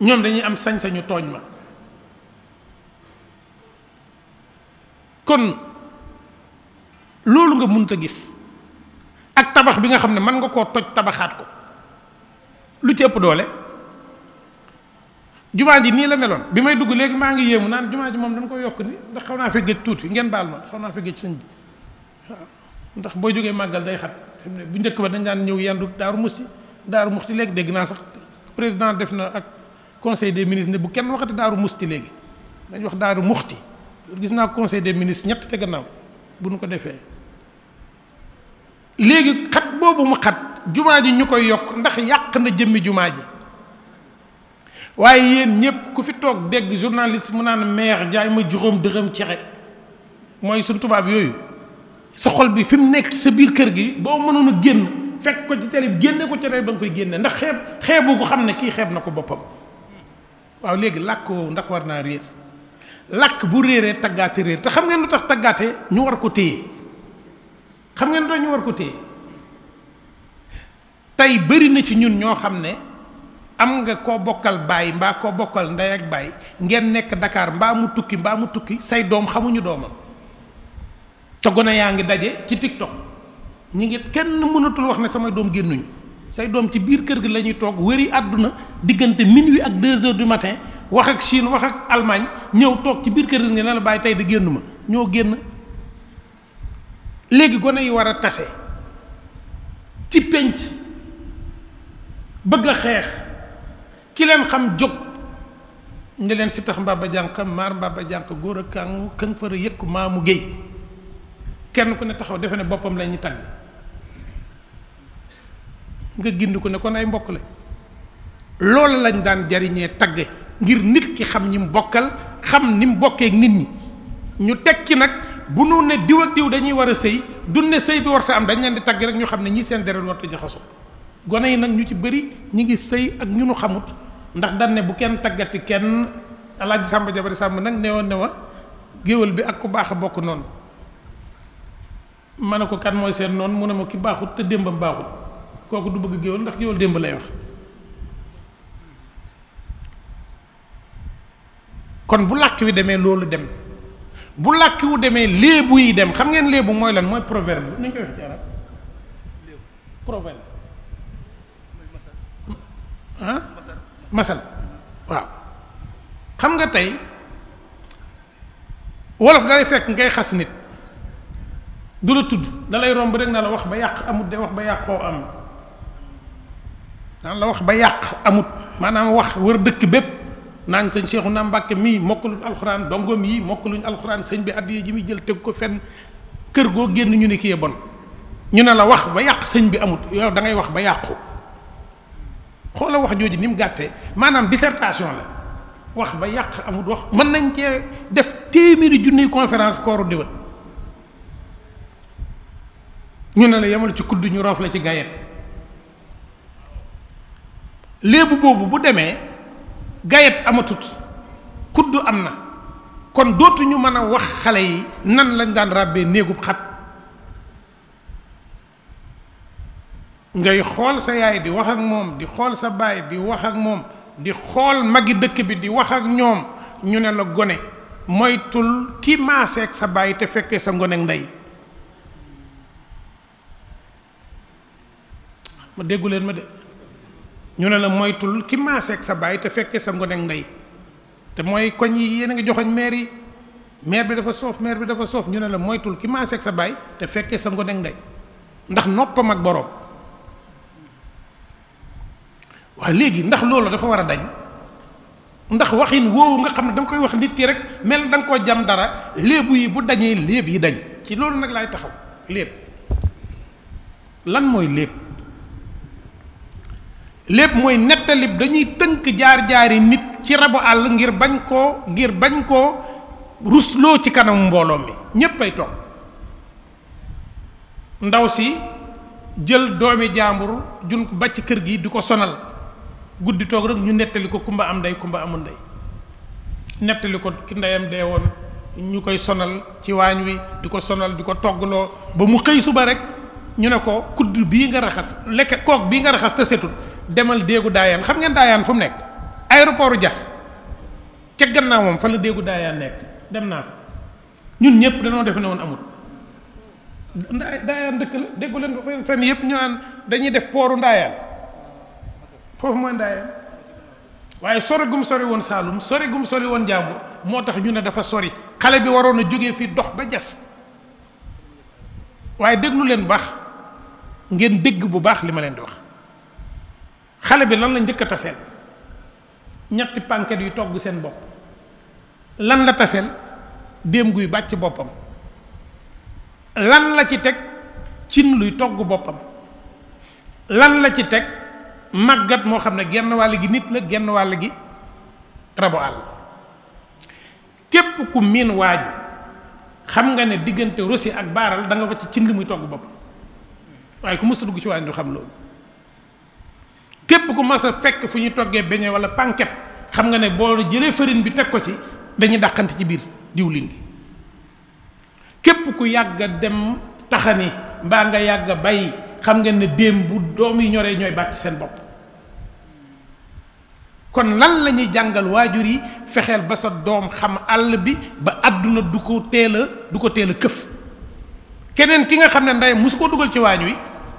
ñoom dañuy am sañ-sañu tooñ ma kon loolu nga mënta gis ak tabax bi nga xam ne mën nga koo toj tabaxaat ko lu ci doole jumaa ji nii la meloon bi may dugg léegi maa ngi yéemu naan jumaa ji moom dañ koy yokk ni ndax xaw naa fee géej tuuti ngeen baal ma xaw naa fee géej sëñ bi ndax boo jógee màggal day xat xam ne bu njëkk ba dañ daan ñëw yendu daaru musti daaru musti léegi dégg naa sax président def na ak conseil des ministres ne bu kenn waxati daaru musti léegi dañ wax daaru muxti gis naa conseil des ministres ñett te gannaaw bu nu ko defee léegi xat boobu mu xat jumaa ji ñu koy yokk ndax yàq na jëmmi jumaa ji waaye yéen ñëpp ku fi toog dégg journaliste mu naan meex jaay ma juróom dërëm cexe mooy suñ tubaab yooyu sa xol bi fi mu nekk sa biir kër gi boo mënoon a génn fekk ko ci télé bi génne ko cere ba nga koy génne ndax xeeb xeebu ko xam ne kii xeeb na ko boppam waaw léegi làkk woowu ndax war naa réer làkk bu réeree taggaate réer te xam ngeen lu tax taggaate ñu war ko téye xam ngeen doo ñu war ko téye tey bëri na ci ñun ñoo xam ne am nga koo bokkal baay mbaa koo bokkal ndey ak baay ngeen nekk Dakar mbaa mu tukki mbaa mu tukki say doom xamuñu doomam te gone yaa ngi daje ci TikTok ñi ngi kenn mënatul wax ne samay doom génnuñu say doom ci biir kër gi la ñuy toog wëri àdduna diggante wi ak deux heures du matin wax ak Chine wax ak Allemagne ñëw toog ci biir kër gi nga ne la bàyyi tey di génn ma ñoo génn léegi gone yi war a tase ci pénc bëgg a xeex ki leen xam jóg ne leen si tax mbaba jànq maar mbaba jànq góor a kàng këng fara yëkku maamu géy kenn ku ne taxaw defe ne boppam la ñu tàgg nga gind ko ne kon ay mbokk la loolu lañ daan jariñee tagge ngir nit ki xam ñi mu bokkal xam ni mu bokkee nit ñi ñu teg tekki nag bu nu ne diw ak diw dañuy war a sëy du ne sëy bi warta am dañ leen di tagg rek ñu xam ne ñi seen deret warta jaxasoo gone yi nag ñu ci bari ñu ngi sëy ak ñu nu xamut ndax dañ bu kenn taggati kenn alaaji sàmba jabari sàmb nag newoon ne wa géwél bi ak ku baax a bokk noonu ma ne ko kan mooy seen noonu mu ne ma ki baaxut te démb am baaxut kooku du bëgg géwél ndax géwél démb lay wax kon bu làkk wi demee loolu dem bu làkk wu demee léebu yi dem xam ngeen léebu mooy lan mooy proverbe nañ koy wax ci arab proverbe ah masal waaw xam nga tey wolof dalay fekk ngay xas nit du la tudd dalay romb rek na la wax ba yàq amut de wax ba yàqoo am na daan la wax ba yàq amut maanaam wax wër dëkk bépp naan sëñ Cheikhouna Mbacke mii mokkaluñ alxuraan dongom yi mokkaluñ alxuraan sëñ bi addiya ji muy jël teg ko fenn kër goo génn ñu ne kii bon ñu ne la wax ba yàq sëñ bi amut yow da ngay wax ba yàqu xoola wax jooju ni mu gàttee maanaam dissertation la wax ba yàq amut wax mën nañ cee def téeméeri junniy conférence kooru déwén ñu ne la yemal ci kudd ñu roof la ci gayet léebu boobu bu demee gayet amatut kuddu am na kon dootuñu mën a wax xale yi nan lañ daan ràbbee néegub xat ngay xool sa yaay di wax ak moom di xool xool magi dëkk bi di wax ak ñoom ñu ne la gone moytul ki maaseeg sa baay te fekkee sa ngone ndey ma déggu ma de ñu ne la moytul ki maaseeg sa baay te fekkee sa ngoneeg ndey te mooy koñ yi yéen a ngi joxoñ maire yi maire bi dafa soof maire bi dafa soof ñu ne la moytul ki maaseeg sa baay te fekkee sa ngoneeg ndey ndax noppam ak boroom waaw léegi ndax loolu dafa war a dañ ndax waxin woowu nga xam ne da koy wax nit ki rek mel da danga koo jam dara léebu yi bu dañee léeb yi dañ ci loolu nag laay taxaw léeb lan mooy léeb lépp mooy nettalib dañuy tënk jaar-jaari nit ci rabu àll ngir bañ koo ngir bañ koo rusloo ci kanamu mbooloo mi ñépp ay toog ndaw si jël doomi jaambur jun ko ba ci kër gi di ko sonal guddi toog rek ñu nettali ko kumba am ndey kumba amul ndey nettali ko ki ndeyam dee woon ñu koy sonal ci waañ wi di ko sonal di ko toggloo ba mu xëy suba rek ñu ne ko kudd bii nga raxas lekk kook bii nga raxas te setut demal déegu daayaan xam ngeen daayaan fu mu nekk aéroport jas ca gannaawam fa la déegu daayaan nekk dem naa fa ñun ñëpp dañoo defe ne woon amul ndaayaan dëkk la déggu leen ko yëpp ñu naan dañuy def pooru ndaayaan foofu mooy ndaayaan waaye sori gum sori woon saalum sori gum sori woon jàmbur moo tax ñu ne dafa sori xale bi waroon a jógee fi dox ba jas waaye déglu leen baax ngeen dégg bu baax li ma leen di wax xale bi lan la njëkk a taseel ñetti pànket yu togg seen bopp lan la taseel déem guy bàcc boppam lan la ci teg cin luy togg boppam lan la ci teg màggat moo xam ne genn wàll gi nit la genn wàll gi rabu àll képp ku miin waaj xam nga ne diggante rosi ak baaral da nga ko ci cin li muy togg boppam waaye ku mës dugg ci waañ du xam loolu képp ku mas fekk fu ñu toggee beñe wala panket xam nga ne boo jëlee fëriñ bi teg ko ci dañuy dàqante ci biir diwlin gi képp ku yàgg a dem taxani mbaa nga yàgg a bay xam nga ne déem bu doom yi ñoree ñooy bàcc seen bopp kon lan lañuy jàngal waajur yi fexeel ba sa doom xam àll bi ba àdduna du ko teel a du ko teel a këf keneen ki nga xam ne ndey mosu ko dugal ci waañ wi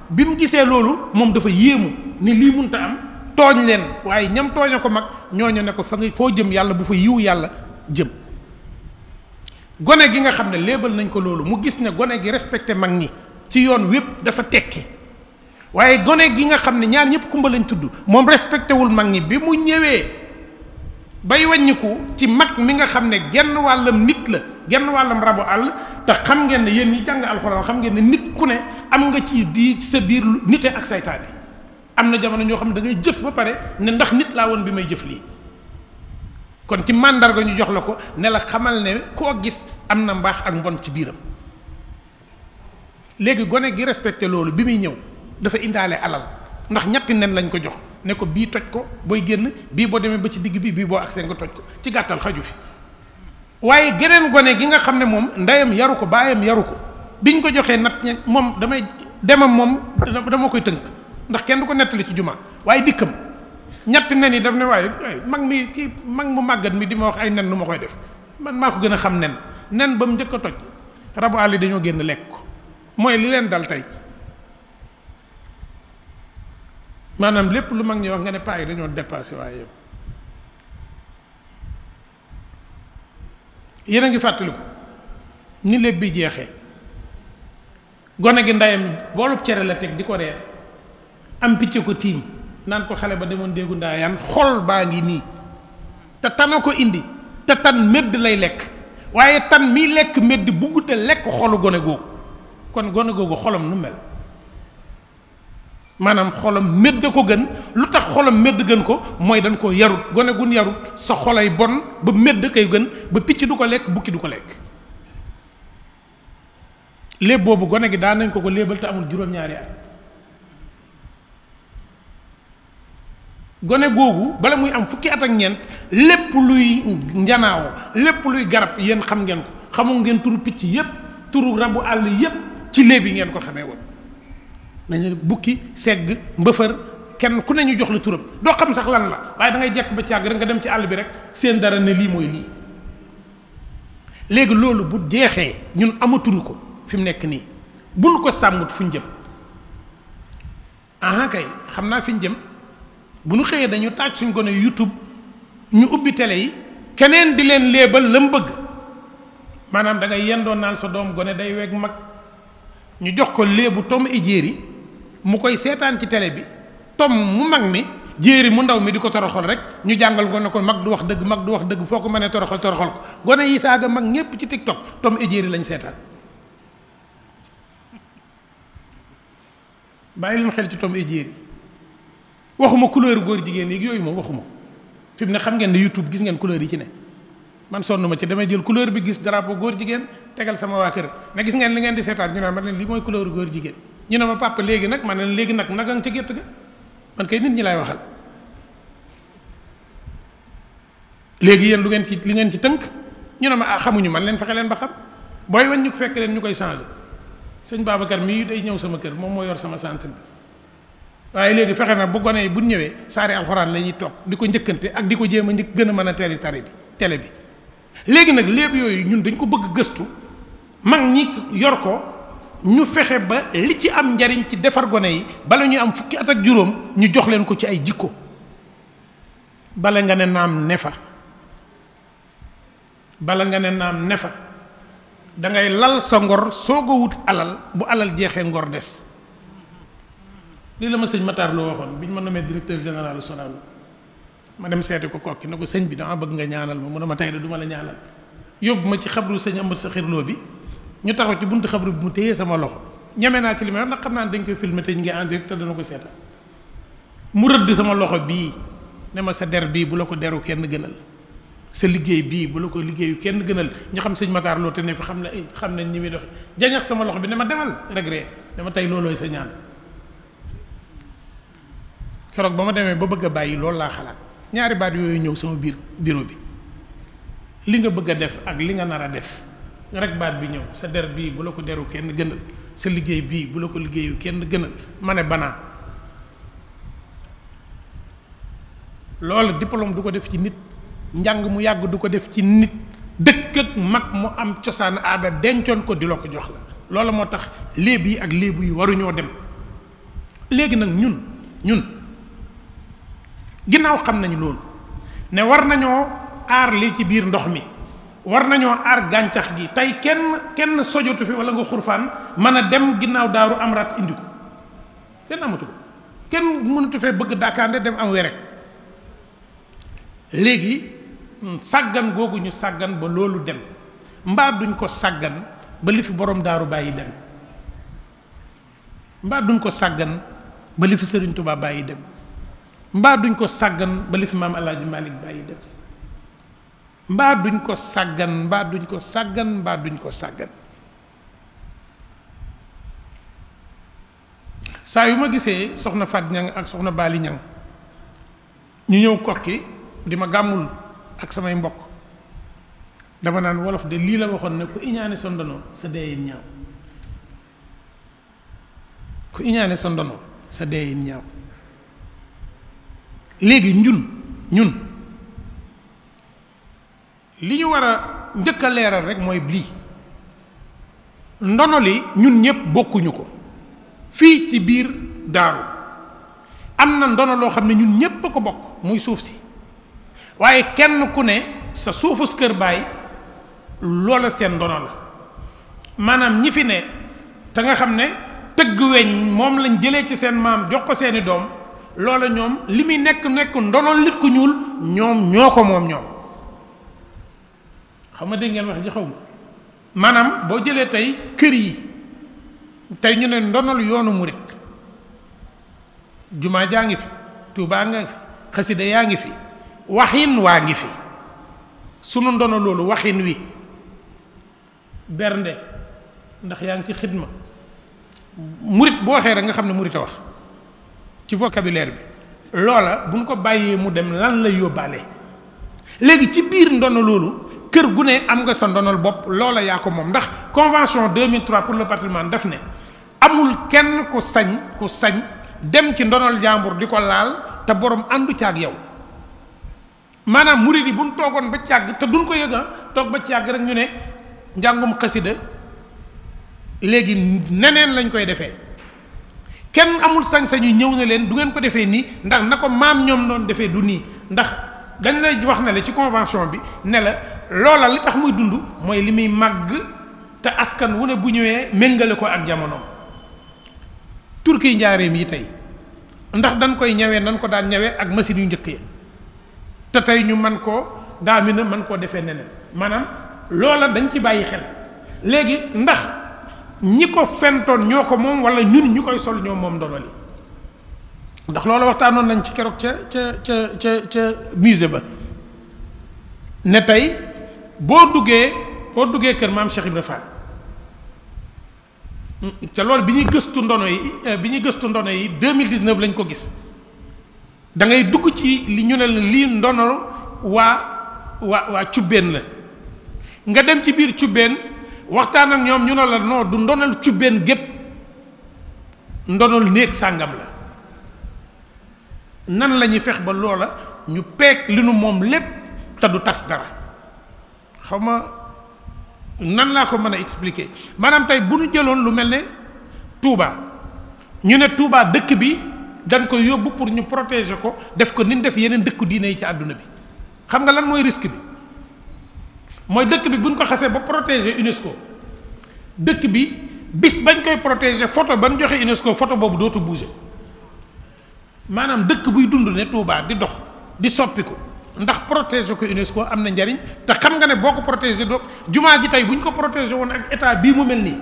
bi mu gisee loolu moom dafa yéemu ni lii munta am tooñ leen waaye ñam tooña ko mag ñooñu ne ko fa nga foo jëm yàlla bu fa yiw yàlla jëm gone gi nga xam ne léebal nañ ko loolu mu gis ne gone gi respecté mag ñi ci yoon wépp dafa tekki waaye gone gi nga xam ne ñaar ñëpp kumba lañ tudd moom respecté wul mag ñi bi mu ñëwee bay wàññiku ci mag mi nga xam ne genn wàllam nit la genn wàllam rabu àll te xam ngeen ne yéen ñi jàng alxuraan xam ngeen ne nit ku ne am nga ci biir ci sa biir nite ak saytaane am na jamono ñoo xam ne da ngay jëf ba pare ne ndax nit laa woon bi may jëf lii kon ci màndarga ñu jox la ko ne la xamal ne koo gis am na mbaax ak mbon ci biiram léegi gone gi respecté loolu bi muy ñëw dafa indaale alal ndax ñetti nen lañ ko jox ne ko bii toj ko booy génn bii boo demee ba ci digg bi bii boo agsee nga toj ko ci gàttal xaju fi waaye geneen gone gi nga xam ne moom ndeyam yaru ko baayam yaru ko biñ ko joxee nat ñe moom damay demam moom dama koy tënk ndax kenn du ko nettali ci jumaa waaye dikkam ñett nen yi daf ne waaye mag mi kii mag mu màggat mi di ma wax ay nen lu ma koy def man maa ko gën a xam nen nen ba mu njëkk a toj rabu àll dañoo génn lekk ko mooy li leen dal tey maanaam lépp lu mag ñi wax nga ne paa yi dañoo dépassé waaye yow yéen a ngi fàttaliku ni lépp bi jeexee gone gi ndeyam boolub cere la teg di ko reer am picc ko tiim naan ko xale ba demoon déggu ndaayaan xol baa ngi nii te tana ko indi te tan médd lay lekk waaye tan miy lekk médd bu guddee lekk xolu gone googu kon gone googu xolam nu mel maanaam xolam médd ko gën lu tax xolam médd gën ko mooy dañ ko yarut gone gun yarut sa ay bon ba médd kay gën ba picc du ko lekk bukki du ko lekk léeb boobu gone gi daan nañ ko ko léebal te amul juróom-ñaari at gone googu bala muy am fukki at ak ñeent lépp luy njanaaw lépp luy garab yéen xam ngeen ko xamu ngeen turu picc yépp turu rabu àll yépp ci léeb yi ngeen ko xamee woon nañu bukki segg mbëfër kenn ku ne ñu jox la turam doo xam sax lan la waaye da jekk ba càgg rek nga dem ci àll bi rek seen dara ne lii mooy lii léegi loolu bu jeexee ñun amatuñu ko fi mu nekk nii buñ ko sàmmut fu jëm aha kay xam naa fi jëm bu ñu xëyee dañu taaj suñ gone youtube ñu ubbi télé yi keneen di leen léebal la mu bëgg maanaam dangay ngay yendoon naan sa doom gone day weg mag ñu jox ko léebu tom ejéeri mu koy seetaan ci télé bi tom mu mag mi jéeri mu ndaw mi di ko toroxal rek ñu jàngal ko ne ko mag du wax dëgg mag du wax dëgg foo ko mënee toroxal toroxal ko gone yi saaga mag ñépp ci tiktok tom et jéeri lañ seetaan bàyyi leen xel ci tom et jéeri waxuma couleur góor jigéen yi yooyu moom waxuma fi mu ne xam ngeen ne youtube gis ngeen couleur yi ci ne man sonn ma ci damay jël couleur bi gis drapeau góor jigéen tegal sama waa kër ne gis ngeen li ngeen di seetaan ñu naan man leen lii mooy couleur góor jigéen ñu ne ma papa léegi nag man leen léegi nag naga nga ca gétt ga man kay nit ñi lay waxal léegi yéen lu ngeen ci li ngeen ci tënk ñu ne ma ah xamuñu man leen fexe leen ba xam booy wañ ñu fekk leen ñu koy changé sëñ Babacar mii day ñëw sama kër moom moo yor sama centre bi waaye léegi fexe na bu gone yi bu ñëwee saari alxuraan la ñuy toog di ko njëkkante ak di ko jéem a njëkk gën a mën a teel tari bi télé bi léegi nag léeb yooyu ñun dañ ko bëgg gëstu mag ñi yor ko ñu fexe ba li ci am njariñ ci defar gone yi bala ñuy am fukki at ak juróom ñu jox leen ko ci ay jikko bala nga ne naam ne fa bala nga ne naam ne dangay lal sa ngor soog a wut alal bu alal jeexee ngor des lii la ma sëñ Matar Lo waxoon bi ñu ma nommé directeur général Sonalu ma dem seeti ko kokki na ko sëñ bi dama bëgg nga ñaanal ma mu ne ma tey de du la ñaanal yóbbu ma ci xabru sëñ Amadou Sakhir Lo bi. ñu taxaw ci buntu xabru bi mu téye sama loxo ñeme naa ci li may wax ndax xam naa ni dañ koy filmé te ñu ngi en direct te dana ko seetaan mu rëdd sama loxo bii ne ma sa der bii bu la ko deru kenn gënal sa liggéey bii bu la ko liggéeyu kenn gënal ñu xam sëñ Matar Lo te ne fi xam ne xam nañ ñi mi doxe jañax sama loxo bi ne ma demal regret dama tey loolooy sa ñaan keroog ba ma demee ba bëgg a bàyyi loolu laa xalaat ñaari baat yooyu ñëw sama biir bureau bi li nga bëgg a def ak li nga nar a def rek baat bi ñëw sa der bii bu la ko deru kenn gënal sa liggéey bii bu la ko liggéeyu kenn gënal ma ne banaa loolu diplôme du ko def ci nit njàng mu yàgg du ko def ci nit dëkk ak mag mu am cosaan aada dencoon ko di la ko jox la loolu moo tax léeb yi ak léeb yi waruñoo dem léegi nag ñun ñun ginnaaw xam nañu loolu ne war nañoo aar li ci biir ndox mi war nañoo aar gàncax gi tey kenn kenn sojotu fi wala nga xurfaan mën a dem ginnaaw daaru am rat indi ko kenn amatu ko kenn mënatu fee bëgg daakaande dem am werek léegi mm, sàggan googu ñu sàggan ba loolu dem mbaa duñ ko sàggan ba li fi bàyyi dem mbaa duñ ko sàggan ba li fi sëriñ Tuubaa bàyyi dem mbaa duñ ko sàggan ba li fi maam alaaji Malik bàyyi dem mbaa duñ ko sàggan mbaa duñ ko sàggan mbaa duñ ko sàggan saa yu ma gisee soxna Fat Ñang ak soxna Baali Ñang ñu ñëw kokki di ma gàmmul ak samay mbokk dama naan wolof de lii la waxoon ne ku iñaane sa ndono sa deeyin ñaaw ku iñaane sa ndono sa deeyin ñaaw léegi ñun ñun li ñu war a njëkk a leeral rek mooy lii ndono li ñun ñëpp bokkuñu ko fii ci biir daanu am na ndono loo xam ne ñun ñëpp a ko bokk muy suuf si waaye kenn ku ne sa suufus kër baay loola seen ndono la maanaam ñi fi ne te nga xam ne tëgg weñ moom lañ jëlee ci seen maam jox ko seeni doom loola ñoom li muy nekk nekk ndono nit ku ñuul ñoom ñoo ko moom ñoom xam nga dégg ngeen wax ji xaw ma maanaam boo jëlee tey kër yi tey ñu ne ndonal yoonu murit jumaa jaa ngi fi tuubaa nga fi xasida yaa ngi fi waxin waa ngi fi sunu ndono loolu waxin wi bernde ndax yaa ngi ci xidma murit boo waxee rek nga xam ne murit a wax ci vocabulaire bi loola bu ñu ko bàyyee mu dem lan lay yóbbaale léegi ci biir ndono loolu kër gu ne am nga sa ndonal bopp loola yaa ko moom ndax convention 2003 pour le patrimoine daf ne amul kenn ku sañ ku sañ dem ci ndonal jàmbur di ko laal te boroom àndu caag yow maanaam murid yi bu ñu toogoon ba càgg te duñ ko yëga ah, toog ba càgg rek ñu ne njàngum xasida léegi neneen lañ koy defee kenn amul sañ-sañu ñëw na leen du ngeen ko defee nii ndax na ko maam ñoom doon defee du nii ndax dañ lay wax ne la ci convention bi ne la loola li tax muy dund mooy li muy màgg te askan wu ne bu ñëwee méngale ko ak jamono jamonoom turki njaareem yi tey ndax dañ koy ñëwee nañ ko daan ñëwee ak machine yu njëkk yi te tey ñu man koo na man koo defee neneen maanaam loola dañ ci bàyyi xel léegi ndax ñi ko fentoon ñoo ko moom wala ñun ñu koy sol ñoo moom ndonoli ndax loolu waxtaanoon nañ ci keroog ca ca ca ca ca musée ba ne tey boo duggee boo duggee kër maam Cheikh Ibra Fall mm, te loolu bi ñuy gëstu ndono yi eh, bi ñuy gëstu ndono yi 2019 lañ ko gis da ngay dugg ci li ñu ne la lii ndono waa waa waa cubbeen la nga dem ci biir cubbeen waxtaan ak ñoom ñu ne la non du ndonal cubbeen gépp ndonal néeg sàngam la nan la ñuy fex ba loola ñu peek li nu moom lépp te du tas dara xaw ma nan laa ko mën a expliquer maanaam tey bu ñu jëloon lu mel ne Touba ñu ne Touba dëkk bi dañ ko yóbbu pour ñu protéger ko def ko ni ñu def yeneen dëkku diine yi ci àdduna bi xam nga lan mooy risque bi mooy dëkk bi bu ñu ko xasee ba protéger UNESCO dëkk bi bis bañ koy protéger photo ban joxee UNESCO photo boobu dootu bouger. maanaam dëkk buy dund ne Touba di dox di ko ndax protéger ko UNESCO am na njariñ te xam nga ne boo ko protéger doo jumaa ji tey bu ñu ko protéger woon ak état bii mu mel nii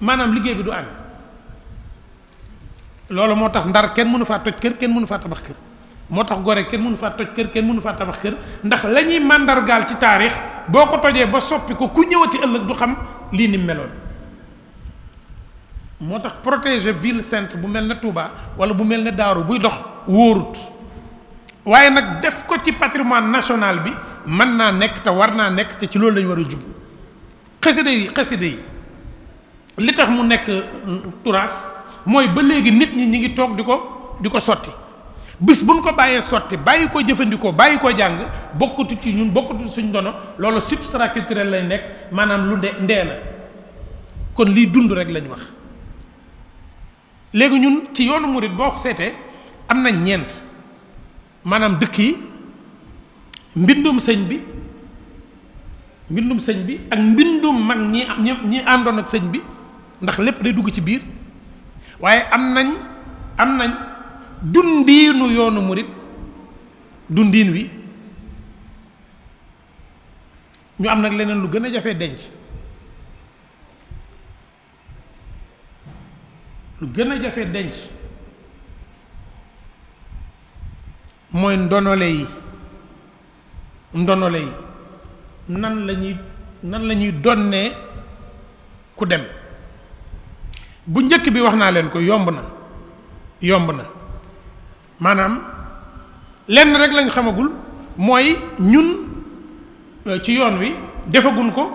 maanaam liggéey bi du ànd loolu moo tax ndar kenn mënu faa toj kër kenn mënu faa tabax kër moo tax gore kenn mënu faa toj kenn mënu faa tabax kër ndax lañuy ñuy màndargaal ci taarix boo ko tojee ba soppi ko ku ñëwati ëllëg du xam lii ni meloon moo tax protéger ville sainte bu mel ne Touba wala bu mel ne Daaru buy dox wóorut waaye nag def ko ci patrimoine national bi mën naa nekk te war naa nekk te ci loolu lañu war a jub xasida yi xasida yi li tax mu nekk mm, turaas mooy ba léegi nit ñi ñi ngi toog di ko di ko sotti bis buñ ko bàyyee sotti bàyyi ko jëfandikoo bàyyi ko jàng bokkatu ci ñun bokkatu suñ dono loolu substrat lay nekk maanaam lu nde ndee la kon liy dund rek lañ wax léegi ñun ci yoonu murit boo ko seetee am nañ ñeent maanaam dëkk yi mbindum sëñ bi mbindum sëñ bi ak mbindum mag ñi am ñi àndoon ak sëñ bi ndax lépp day dugg ci biir waaye am nañ am nañ dundiinu yoonu murit dundiin wi ñu am nag leneen lu gën a jafe denc lu gën a jafe denc mooy ndonole yi ndonole yi nan la ñuy nan la ñuy donnee ku dem bu njëkk bi wax naa leen ko yomb na yomb na maanaam lenn rek lañ xamagul mooy ñun euh, ci yoon wi defaguñ ko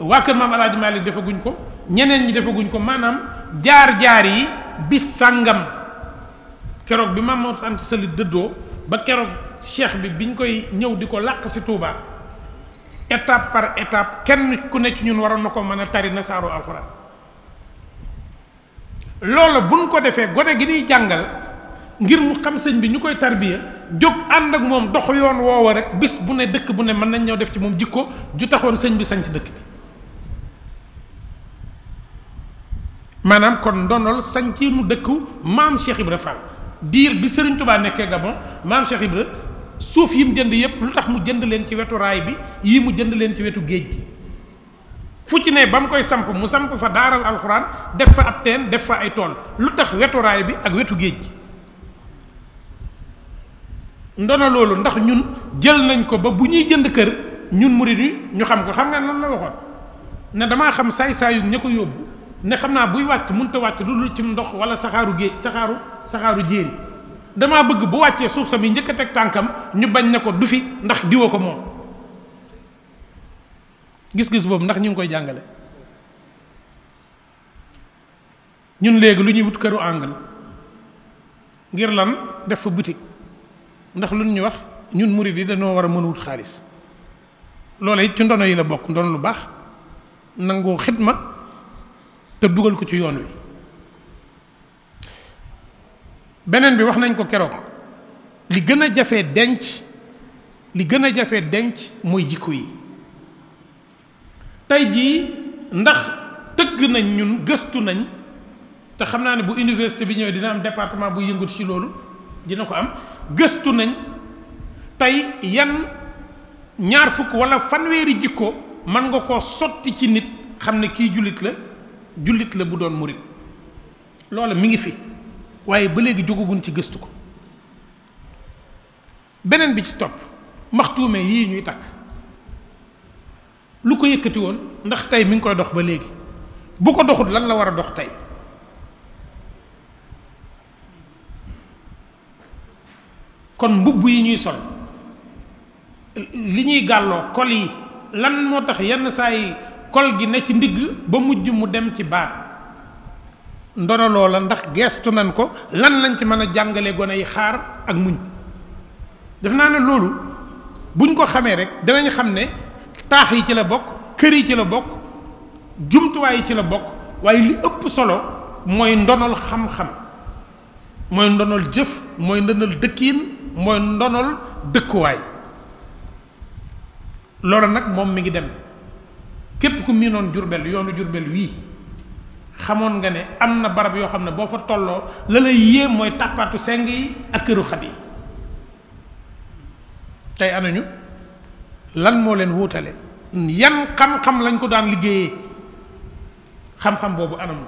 waa kër maam Alaaji Maalik defaguñ ko ñeneen ñi defaguñ ko maanaam jaar-jaar yi bis sàngam keroog bi Maam Mor Anta Sali dëddoo ba keroog cheikh bi biñ koy ñëw di ko làq si Touba étape par étape kenn ku ne ci ñun waroon na ko mën a tari na saaru alxuraan loolu buñ ko defee gone gi nuy jàngal ngir mu xam sëñ bi ñu koy tarbiya jóg ànd ak moom dox yoon woowa rek bis bu ne dëkk bu ne mën nañ ñëw def ci moom jikko ju taxoon sëñ bi sanc dëkk bi maanaam kon ndonol ci mu dëkku maam Cheikh Ibra Fall diir bi Serigne tubaa nekkee Gabon maam Cheikh Ibra suuf yi mu jënd yëpp lu tax mu jënd leen ci wetu raay bi yii mu jënd leen ci wetu géej gi fu ci ne ba mu koy samp mu samp fa daaral alxuraan def fa ab teen def fa ay tool lu tax wetu raay bi ak wetu géej gi ndono loolu ndax ñun jël nañ ko ba bu ñuy jënd kër ñun murid yi ñu xam ko xam nga lan la waxoon ne damaa xam saay-saayu ñu ko yóbbu ne xam naa buy wàcc mënut a wàcc lu dul ci ndox wala saxaaru géej saxaaru saxaaru jéeri damaa bëgg bu wàccee suuf sa bi njëkk a teg tànkam ñu bañ ne ko du fi ndax diwa ko moom gis-gis boobu ndax ñu ngi koy jàngale ñun léegi lu ñuy wut këru angle ngir lan def fa boutique ndax lu ñu wax ñun murid yi dañoo war a mën a wut xaalis loola it ci ndono yi la bokk ndono lu baax nangoo xidma te dugal ko ci yoon wi beneen bi wax nañ ko keroog li gën a jafe denc li gën a jafe denc mooy jikko yi tey jii ndax tëgg nañ ñun gëstu nañ te xam naa ne bu université bi ñëwee dina am département bu yëngatu ci loolu dina ko am gëstu nañ tey yan ñaar fukk wala fanweeri jikko mën nga koo sotti ci nit xam ne kii jullit la jullit la bu doon murit loola mi ngi fi waaye ba léegi jógaguñ ci gëstu ko beneen bi ci topp maxtuume yi ñuy takk lu ko yëkkati woon ndax tey mi ngi koy dox ba léegi bu ko doxul lan la war a dox tey kon mbubb yi ñuy sol li ñuy gàlloo kol yi lan moo tax yenn saa yi kol gi ne ci ndigg ba mujj mu dem ci baat ndono loola ndax geestu nan ko lan lañ ci mën a jàngale gone yi xaar ak muñ def naa ne loolu buñ ko xamee rek danañ xam ne taax yi ci la bokk kër yi ci la bokk jumtuwaay yi ci la bokk waaye li ëpp solo mooy ndonol xam-xam mooy ndonol jëf mooy ndonol dëkkiin mooy ndonol dëkkuwaay loolu nag moom mi ngi dem képp ku miinoon jurbel yoonu jurbel wii xamoon nga ne am na barab yoo xam ne boo fa tolloo la lay yéem mooy tàppaatu seng yi ak këru xat yi tey anañu lan moo leen wuutale yan xam-xam lañ ko daan liggéeyee xam-xam boobu anam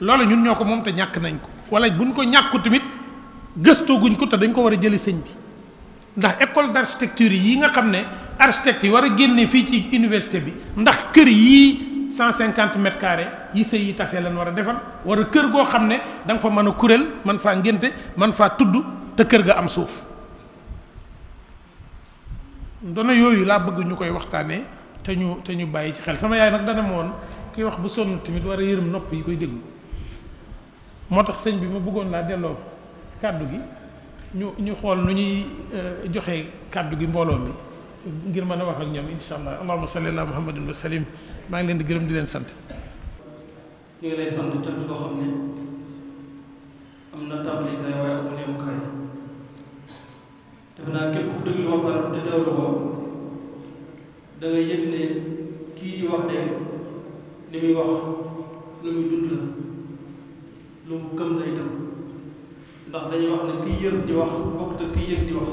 loolu ñun ñoo ko moom te ñàkk nañ ko wala buñ ko ñàkku tamit gëstooguñ ko te dañ ko war a jëli sëñ bi ndax école d'architecture yi nga xam ne architecte yi war a génne fii ci université bi ndax kër yii cent cinquante mètres yi sëy yi tasee leen war a defal war a kër goo xam ne da nga fa mën a kuréel man faa ngénte man faa tudd te kër ga am suuf ndono yooyu laa bëgg ñu koy waxtaanee te ñu te ñu bàyyi ci xel sama yaay nag dana ma ki wax bu sonn tamit war a yërëm nopp yi koy déglu moo tax sëñ bi ma bëggoon laa delloo kàddu gi ñu ñu xool lu ñuy euh, joxe kàddu gi mbooloo mi ngir mën a wax ak ñoom insha allah allahuma salli ala muhammadin wa salim maa ngi leen di gërëm di leen sant ñu ngi lay sant tamit loo xam ne am na tàmbalikaay waaye amul yemukaay def naa képp ku déglu waxtaan te teewlu ko da nga yëg ne kii di wax de li muy wax lu muy dund la lu mu gëm la itam ndax dañu wax ne kiy yër di wax bokkut ak kiy yëg di wax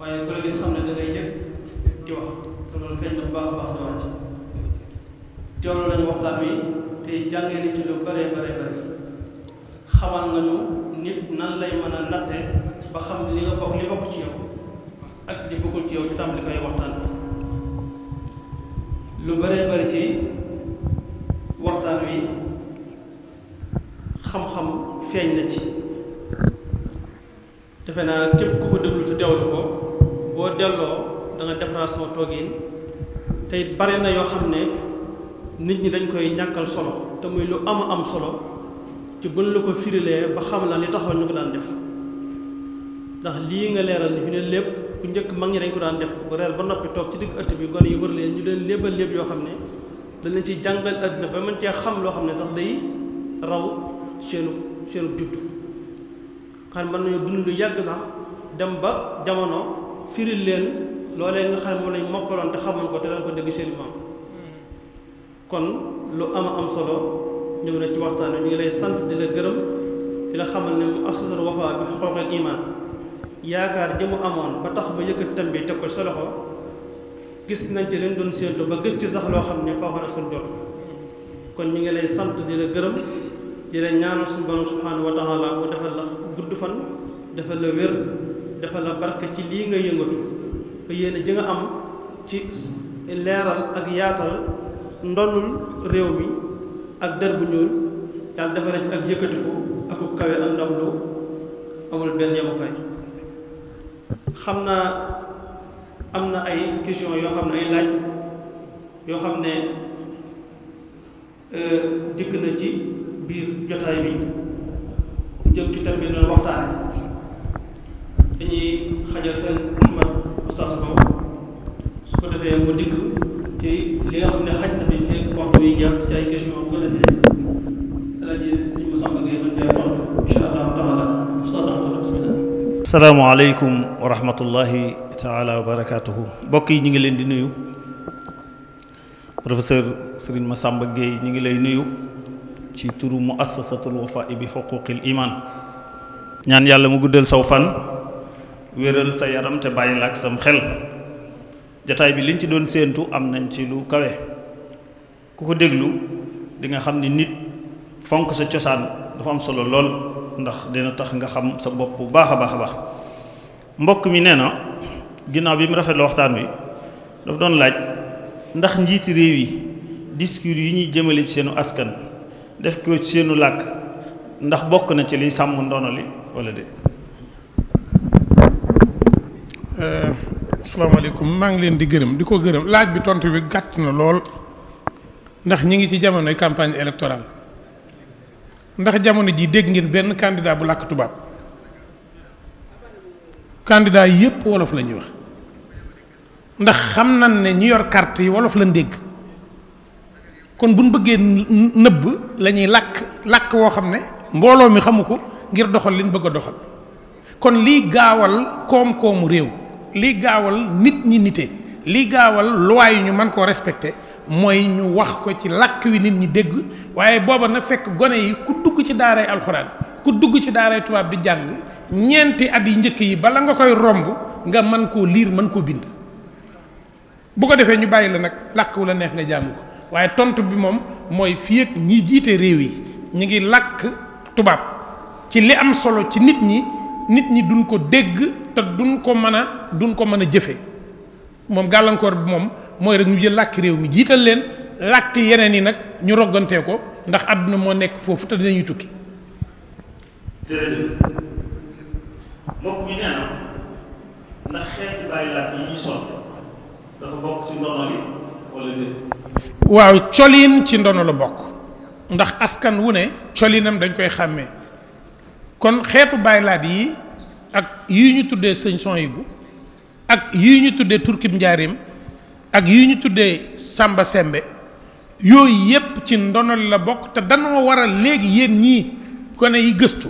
waaye ku la gis xam ne da yëg di wax te loolu feeñ na bu baax baax di wàcc teewlu nañu waxtaan wi te jàngee ni ci lu bare bare bare xamal nga ñu nit nan lay mën a natte ba xam li nga bokk li bokk ci yow ak li bokkul ci yow ci tàmbali koy waxtaan bi lu bare bari ci waxtaan wi xam-xam feeñ na ci defe naa képp ku ko déglu te teewlu ko boo delloo danga nga defaraat sama toogin te it bari na yoo xam ne nit ñi dañ koy ñàkkal solo te muy lu ama am solo ci buñ la ko firilee ba xam la li taxoon ñu ko daan def ndax lii nga leeral ni fi ne lépp bu njëkk mag ñi dañ ko daan def ba reer ba noppi toog ci digg ëtt bi gone yi wër leen ñu leen léebal léeb yoo xam ne dañ leen ci jàngal àddina ba mën cee xam loo xam ne sax day raw seenu seenu juddu xam mën nañoo dund lu yàgg sax dem ba jamono firil leen loolee nga xam ne moom lañ mokkaloon te xamoon ko te dana ko dégg seen maam kon lu ama am solo ñëw na ci waxtaan wi ñu ngi lay sant di la gërëm di la xamal ne mu asasul wafa bi xooqeel iman yaakaar ji mu amoon ba tax ba yëkkat tam bi teg ko sa gis nañ ci leen doon séentu ba gis ci sax loo xam ne foo xam ne suñ jot kon ñu ngi lay sant di la gërëm di la ñaanal suñu borom subhaanahu wa taala mu defal la gudd fan defal la wér defal la barke ci lii nga yëngatu ba yéen ji nga am ci leeral ak yaatal ndonul réew mi ak der bu ñuul yàlla defal ak yëkkatiku ak ku kawe ak ndam amul benn yemukaay xam naa am na ay question yoo xam ne ay laaj yoo xam ne euh, dikk na ci biir jotaay bi mu jëm ci thème bi doon waxtaane dañuy xajal seen Ousmane Oustaz Mbow su ko defee mu dikk ci li nga xam ne xaj na fi fekk waxtu yi jeex ci ay question bu ko defee alaaji suñu mu sàmm ngay mën cee tontu insha allahu taala asalaamaaleykum wa rahmatullahi taala wa barakaatuhu mbokk yi ñu ngi leen di nuyu professeur Serigne Massamba Gueye ñu ngi lay nuyu ci turu muassasatul wafaa bi xuquqil iman ñaan yàlla mu guddal saw fan wéral sa yaram te bàyyi la ak sam xel jataay bi liñ ci doon séentu am nañ ci lu kawe ku ko déglu di nga xam ni nit fonk sa cosaan dafa am solo lool ndax dina tax nga xam sa bopp bu baax a baax a baax mbokk mi nee na ginnaaw bi mu rafet la waxtaan wi daf doon laaj ndax njiiti réew yi discours yi ñuy jëmale ci seenu askan def ko seenu làkk ndax bokk na ci liy sàmm ndono li wala déet. Euh, asalaamaaleykum maa ngi leen di gërëm di ko gërëm laaj bi tontu bi gàtt na lool ndax ñi ngi ci jamonoy campagne électorale ndax jamono ji dégg ngeen benn candidat bu làkk tubaab candidat yépp wolof la ñuy wax ndax xam na ne ñu yor carte yi wolof lañ dégg. kon buñ bëggee nëbb la ñuy làkk làkk woo xam ne mbooloo mi xamu ko ngir doxal liñ bëgg a doxal kon lii gaawal koom-koomu réew lii gaawal nit ñi nite lii gaawal loi ñu mën koo respecté mooy ñu wax ko ci làkk wi nit ñi dégg waaye booba na fekk gone yi ku dugg ci daaray alxuraan ku dugg ci daaray tubaab bi jàng ñeenti at yi njëkk yi bala nga koy romb nga mën koo liir mën koo bind bu ko defee ñu bàyyi la nag làkk wu la neex nga jàng ko waaye tontu bi moom mooy fii ak ñi jiite réew yi ñu ngi làkk tubaab ci li am solo ci nit ñi nit ñi duñ ko dégg te duñ ko mën a duñ ko mën a jëfe moom gàllankoor bi moom mooy rek ñu jël làkk réew mi jiital leen làkk yeneen yi nag ñu roggantee ko ndax àdduna moo nekk foofu te dinañuy tukki. waaw colin ci ndono la bokk ndax askan wu ne colinam dañ koy xàmmee kon xeetu baylaat yi ak yii ñu tuddee sëñ son yi bu ak yii ñu tuddee turkib njaarim ak yii ñu tuddee sàmba sembe yooyu yépp ci ndono la bokk te danoo war a léegi yéen ñi gone yi gëstu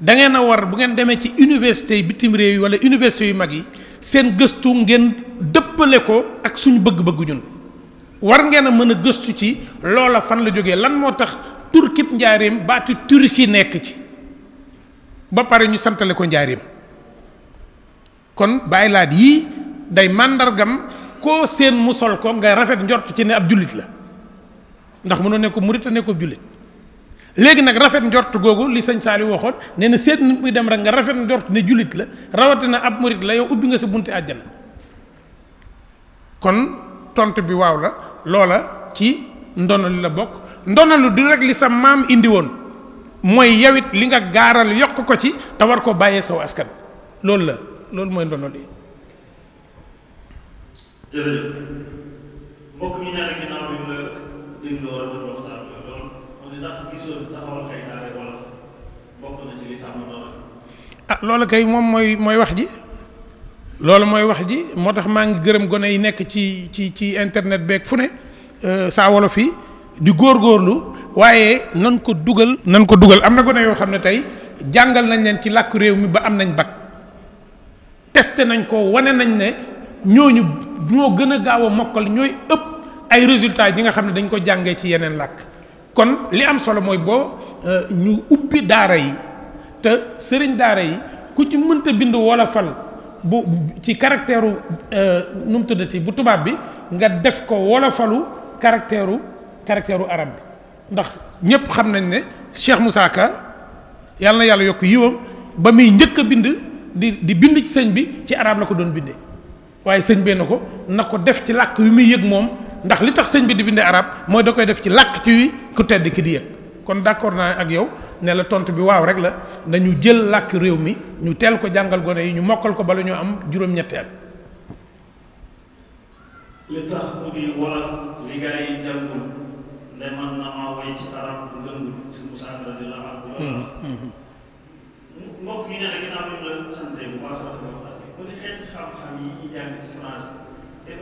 da ngeen a war bu ngeen demee ci université yi bitim réew yi wala université yu mag yi seen gëstu ngeen dëppale ko ak suñu bëgg bëgguñu war ngeen a mën a gëstu ci loola fan la jógee lan moo tax turkib njaareem baati turki nekk ci ba pare ñu santale ko njaarim kon bàyyi laat yii day màndargam koo seen mu sol ko nga rafet njort ci ne ab jullit la ndax mënoo ne ko murit a ne ko jullit léegi nag rafet njort googu li sëñ Saali waxoon nee na seet nit muy dem rek nga rafet njort ne jullit la rawatina ab murit la yow ubbi nga sa bunti àjjana kon tont bi waaw la loola ci ndonalu la bokk ndonalu du rek li sa maam indi woon mooy yawit li nga gaaral yokk ko ci tawar war ko bàyyee saw askan loolu la loolu mooy ndonal yi jërëjëf li sàmm doon ah, kay moom mooy wax ji loolu mooy wax ji moo tax maa ngi gërëm gone yi nekk ci ci ci internet beeg fu ne euh, saa wolof yi di góorlu waaye nan ko dugal nan ko dugal am na gone yoo xam ne tey jàngal nañ leen ci làkk réew mi ba am nañ bag testé nañ ko wane nañ ne ñooñu ñoo gën a gaaw a mokkal ñooy ëpp ay résultat yi nga xam ne dañ ko jàngee ci yeneen làkk kon li am solo mooy boo euh, ñu ubbi daara yi te sëriñ daara yi ku ci mënta bind wolofal bu ci caractère euh, nu mu tuddati bu tubaab bi nga def ko wolofalu caractère caractère arab bi ndax ñëpp xam nañ ne Cheikh Moussa Ka yàlla na yàlla yokk yiwam ba muy njëkk a bind di di bind ci sëñ bi ci arab la ko doon bindee waaye sëñ bee na ko na ko def ci làkk wi muy yëg moom ndax li tax sëñ bi di bindee arab mooy da koy def ci làkk ci wi ku tedd ki di yëg. kon d'accord naa ak yow ne la tontu bi waaw rek la nañu jël làkk réew mi ñu teel ko jàngal gone yi ñu mokkal ko bala ñu am juróom-ñetti at li mm-hmm. te ko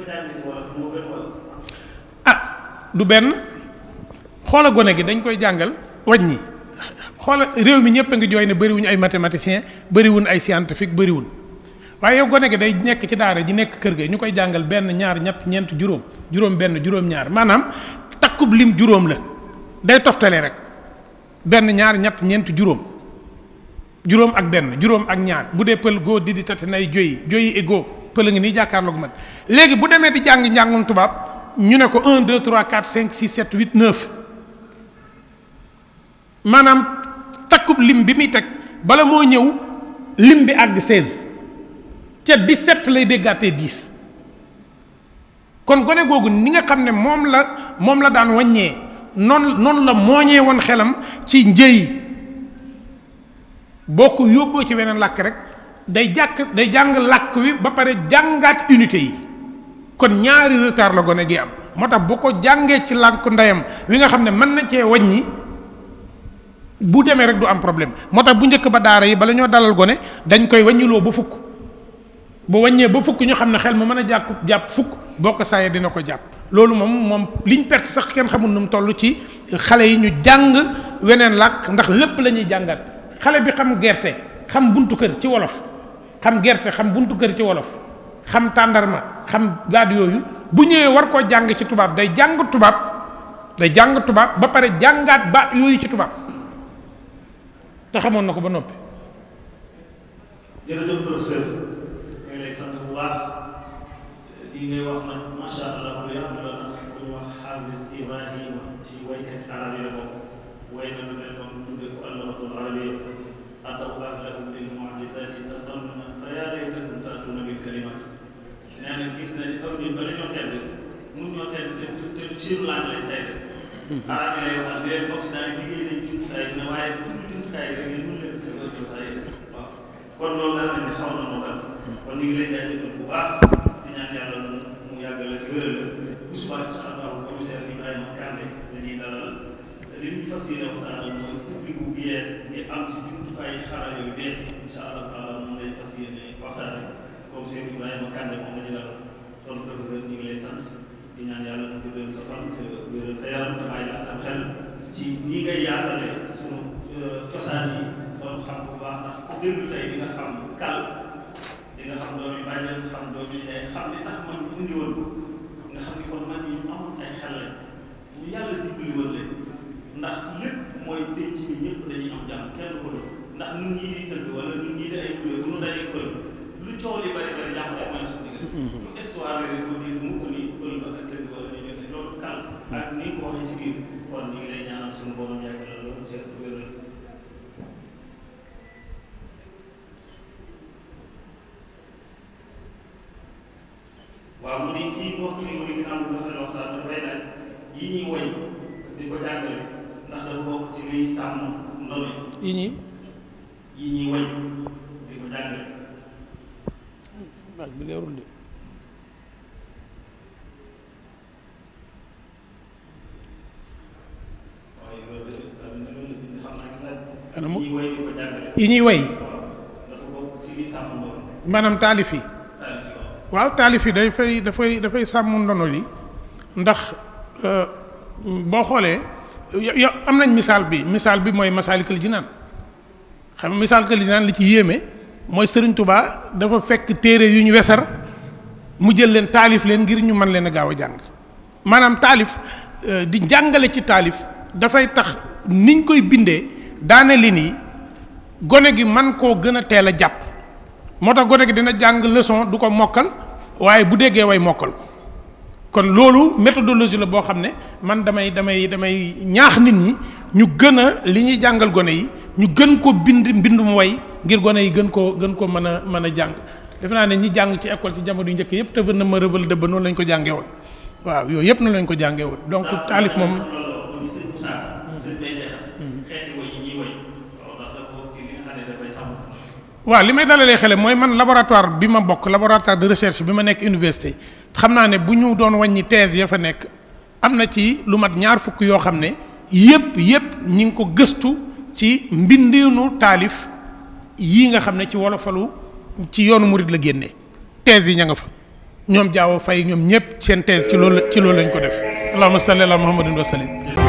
jàng ci wolof ah du benn xoola gone gi dañ koy jàngal wañ wàññi xool réew mi ñëpp a ngi jooy ne bëriwuñ ay mathématicien bëriwuñ ay scientifique bëriwuñ waaye yow gone gi day nekk ci daara ji nekk kër ga ñu koy jàngal benn ñaar ñett ñeent juróom juróom benn juróom ñaar maanaam takkub lim juróom la day toftale rek benn ñaar ñett ñeent juróom juróom ak benn juróom ak ñaar bu dee pël goo di di tati nay joyi joyi et goo pël ngi nii jàkkaarloog man léegi bu demee di jàng njàngum tubaab ñu ne ko 1 2 3 4 5 6 maanaam takkub lim bi muy teg bala moo ñëw lim bi àgg 16 ca set lay déggaatee 10 kon gone googu ni nga xam ne moom la moom la daan wàññee noonu noonu la mooñee woon xelam ci njëy boo ko yóbboo ci weneen làkk rek day jàkk day jàng làkk wi ba pare jàngaat unité yi kon ñaari retard la gone gi am moo tax bu ko jàngee ci làkku ndeyam wi nga xam ne mën na cee wàññi bu demee rek du am problème moo tax bu njëkk ba daara yi bala ñoo dalal gone dañ koy wàññiloo ba fukk bu wàññee ba fukk ñu xam ne xel mu mën a jàkku jàpp fukk boo ko saayee dina ko jàpp loolu moom moom liñ perte sax kenn xamul nu tollu ci xale yi ñu jàng weneen làkk ndax lépp lañuy ñuy jàngat xale bi xam gerte xam buntu kër ci wolof xam gerte xam buntu kër ci wolof xam tàndarma xam baat yooyu bu ñëwee war koo jàng ci tubaab day jàng tubaab day jàng tubaab ba pare jàngaat baat yooyu ci tubaab te xamoon na ko ba noppi. jërëjëf professeur ñu ngi lay sant bu baax lii ngay wax nag macha allah lu yaatu la nag ku ñu wax Hafiz Ibrahima ci waykat arab yi la bokk way na lu mel noonu tudde ko allamatul arabiyya atawlah lahum lil mu'jizati tafannuna fa ya laytakum ta'tuna bil kalimati nee na gis na aw nit ba dañoo tedd mun ñoo tedd te te lu ciir laaj lañ tedd hmm. arab yi lay waxal leen occident yi liggéey nañ jumtukaay bi ne waaye jotaay rek ñu mën leen ko jox sax yéen waaw kon loolu daal nañu xaw na moo tax kon ñu ngi lay jaajëfal bu baax di ñaan yàlla mu yàgg la ci wéral la bu subaa ci sa abdou commissaire Ibrahima Kanté dañuy dalal li fas yéene waxtaanal mooy ubbi bu bees di am ci jumtukaay xarala yu bees yi incha allah taala moom fas yéene waxtaanee commissaire Ibrahima Kanté moom la ñu dalal kon professeur ñu ngi lay sant di ñaan yàlla mu guddal sa fan te wéral cosaan yi doon xam bu baax ndax ku déglu tey di nga xam kal di xam doom yi bàjjen xam xam li tax man ñu indi nga xam ni kon man ñu amoon bi ñëpp dañuy lu coow li bari bari jàmm rek mooy suñu diggante mm-hmm. lu histoire rek doo dégg mukk ni pël loolu kal ak ni ko waxee ci biir kon ñu ngi lay ñaanal suñu borom yàgg na loolu seen wéral mu ne kii waxtu yi mooy ginnaaw bi nga waxtaan dafay laaj yi ñuy woy di ko jàngale ndax dafa bokk ci luy sàmm ndono yi. yi ñuy. yi ñuy woy di ko jàngale. laaj bi leerul de. yi ñuy woy. taalif yi. waaw taalif yi day fay dafay dafay sàmm ndono li ndax euh, boo xoolee yo am nañ misaal bi misaal bi mooy Masaalikul Jinaan xam Masaalikul Jinaan li ci yéeme mooy sëriñ Touba dafa fekk téere yu ñu wesar mu jël leen taalif leen ngir ñu mën leen a gaaw a jàng maanaam taalif euh, di jàngale ci taalif dafay tax niñ koy bindee daane li nii gone gi man koo gën a teel a jàpp moo tax gone gi dina jàng leçon du ko mokkal waaye bu déggee way mokkal ko kon loolu méthodologie la boo xam ne man damay damay damay ñaax nit ñi ñu gën a li ñuy jàngal gone yi ñu gën ko bind mbindum way ngir gone yi gën koo gën ko mën a mën a jàng def naa ne ñi jàng ci ecole ci jamono yu njëkk yëpp tëbën na ma rëbal dëbb noonu lañ ko jàngee woon waaw yooyu yëpp noonu lañ ko jàngee woon donc taalif moom waaw li may dalalee xele mooy man laboratoire bi ma bokk laboratoire de recherche bi ma nekk université xam naa ne bu ñu doon wàññi thèse ya fa nekk am na ci lu mat ñaar fukk yoo xam ne yépp yépp ñi ngi ko gëstu ci mbindeenu taalif yii nga xam ne ci wolofalu ci yoonu murid la génnee thèse yi ña nga fa ñoom jaawo fay ñoom ñëpp seen thèse ci loolu ci loolu lañ ko def allahumma salli ala muhammadin wa sallim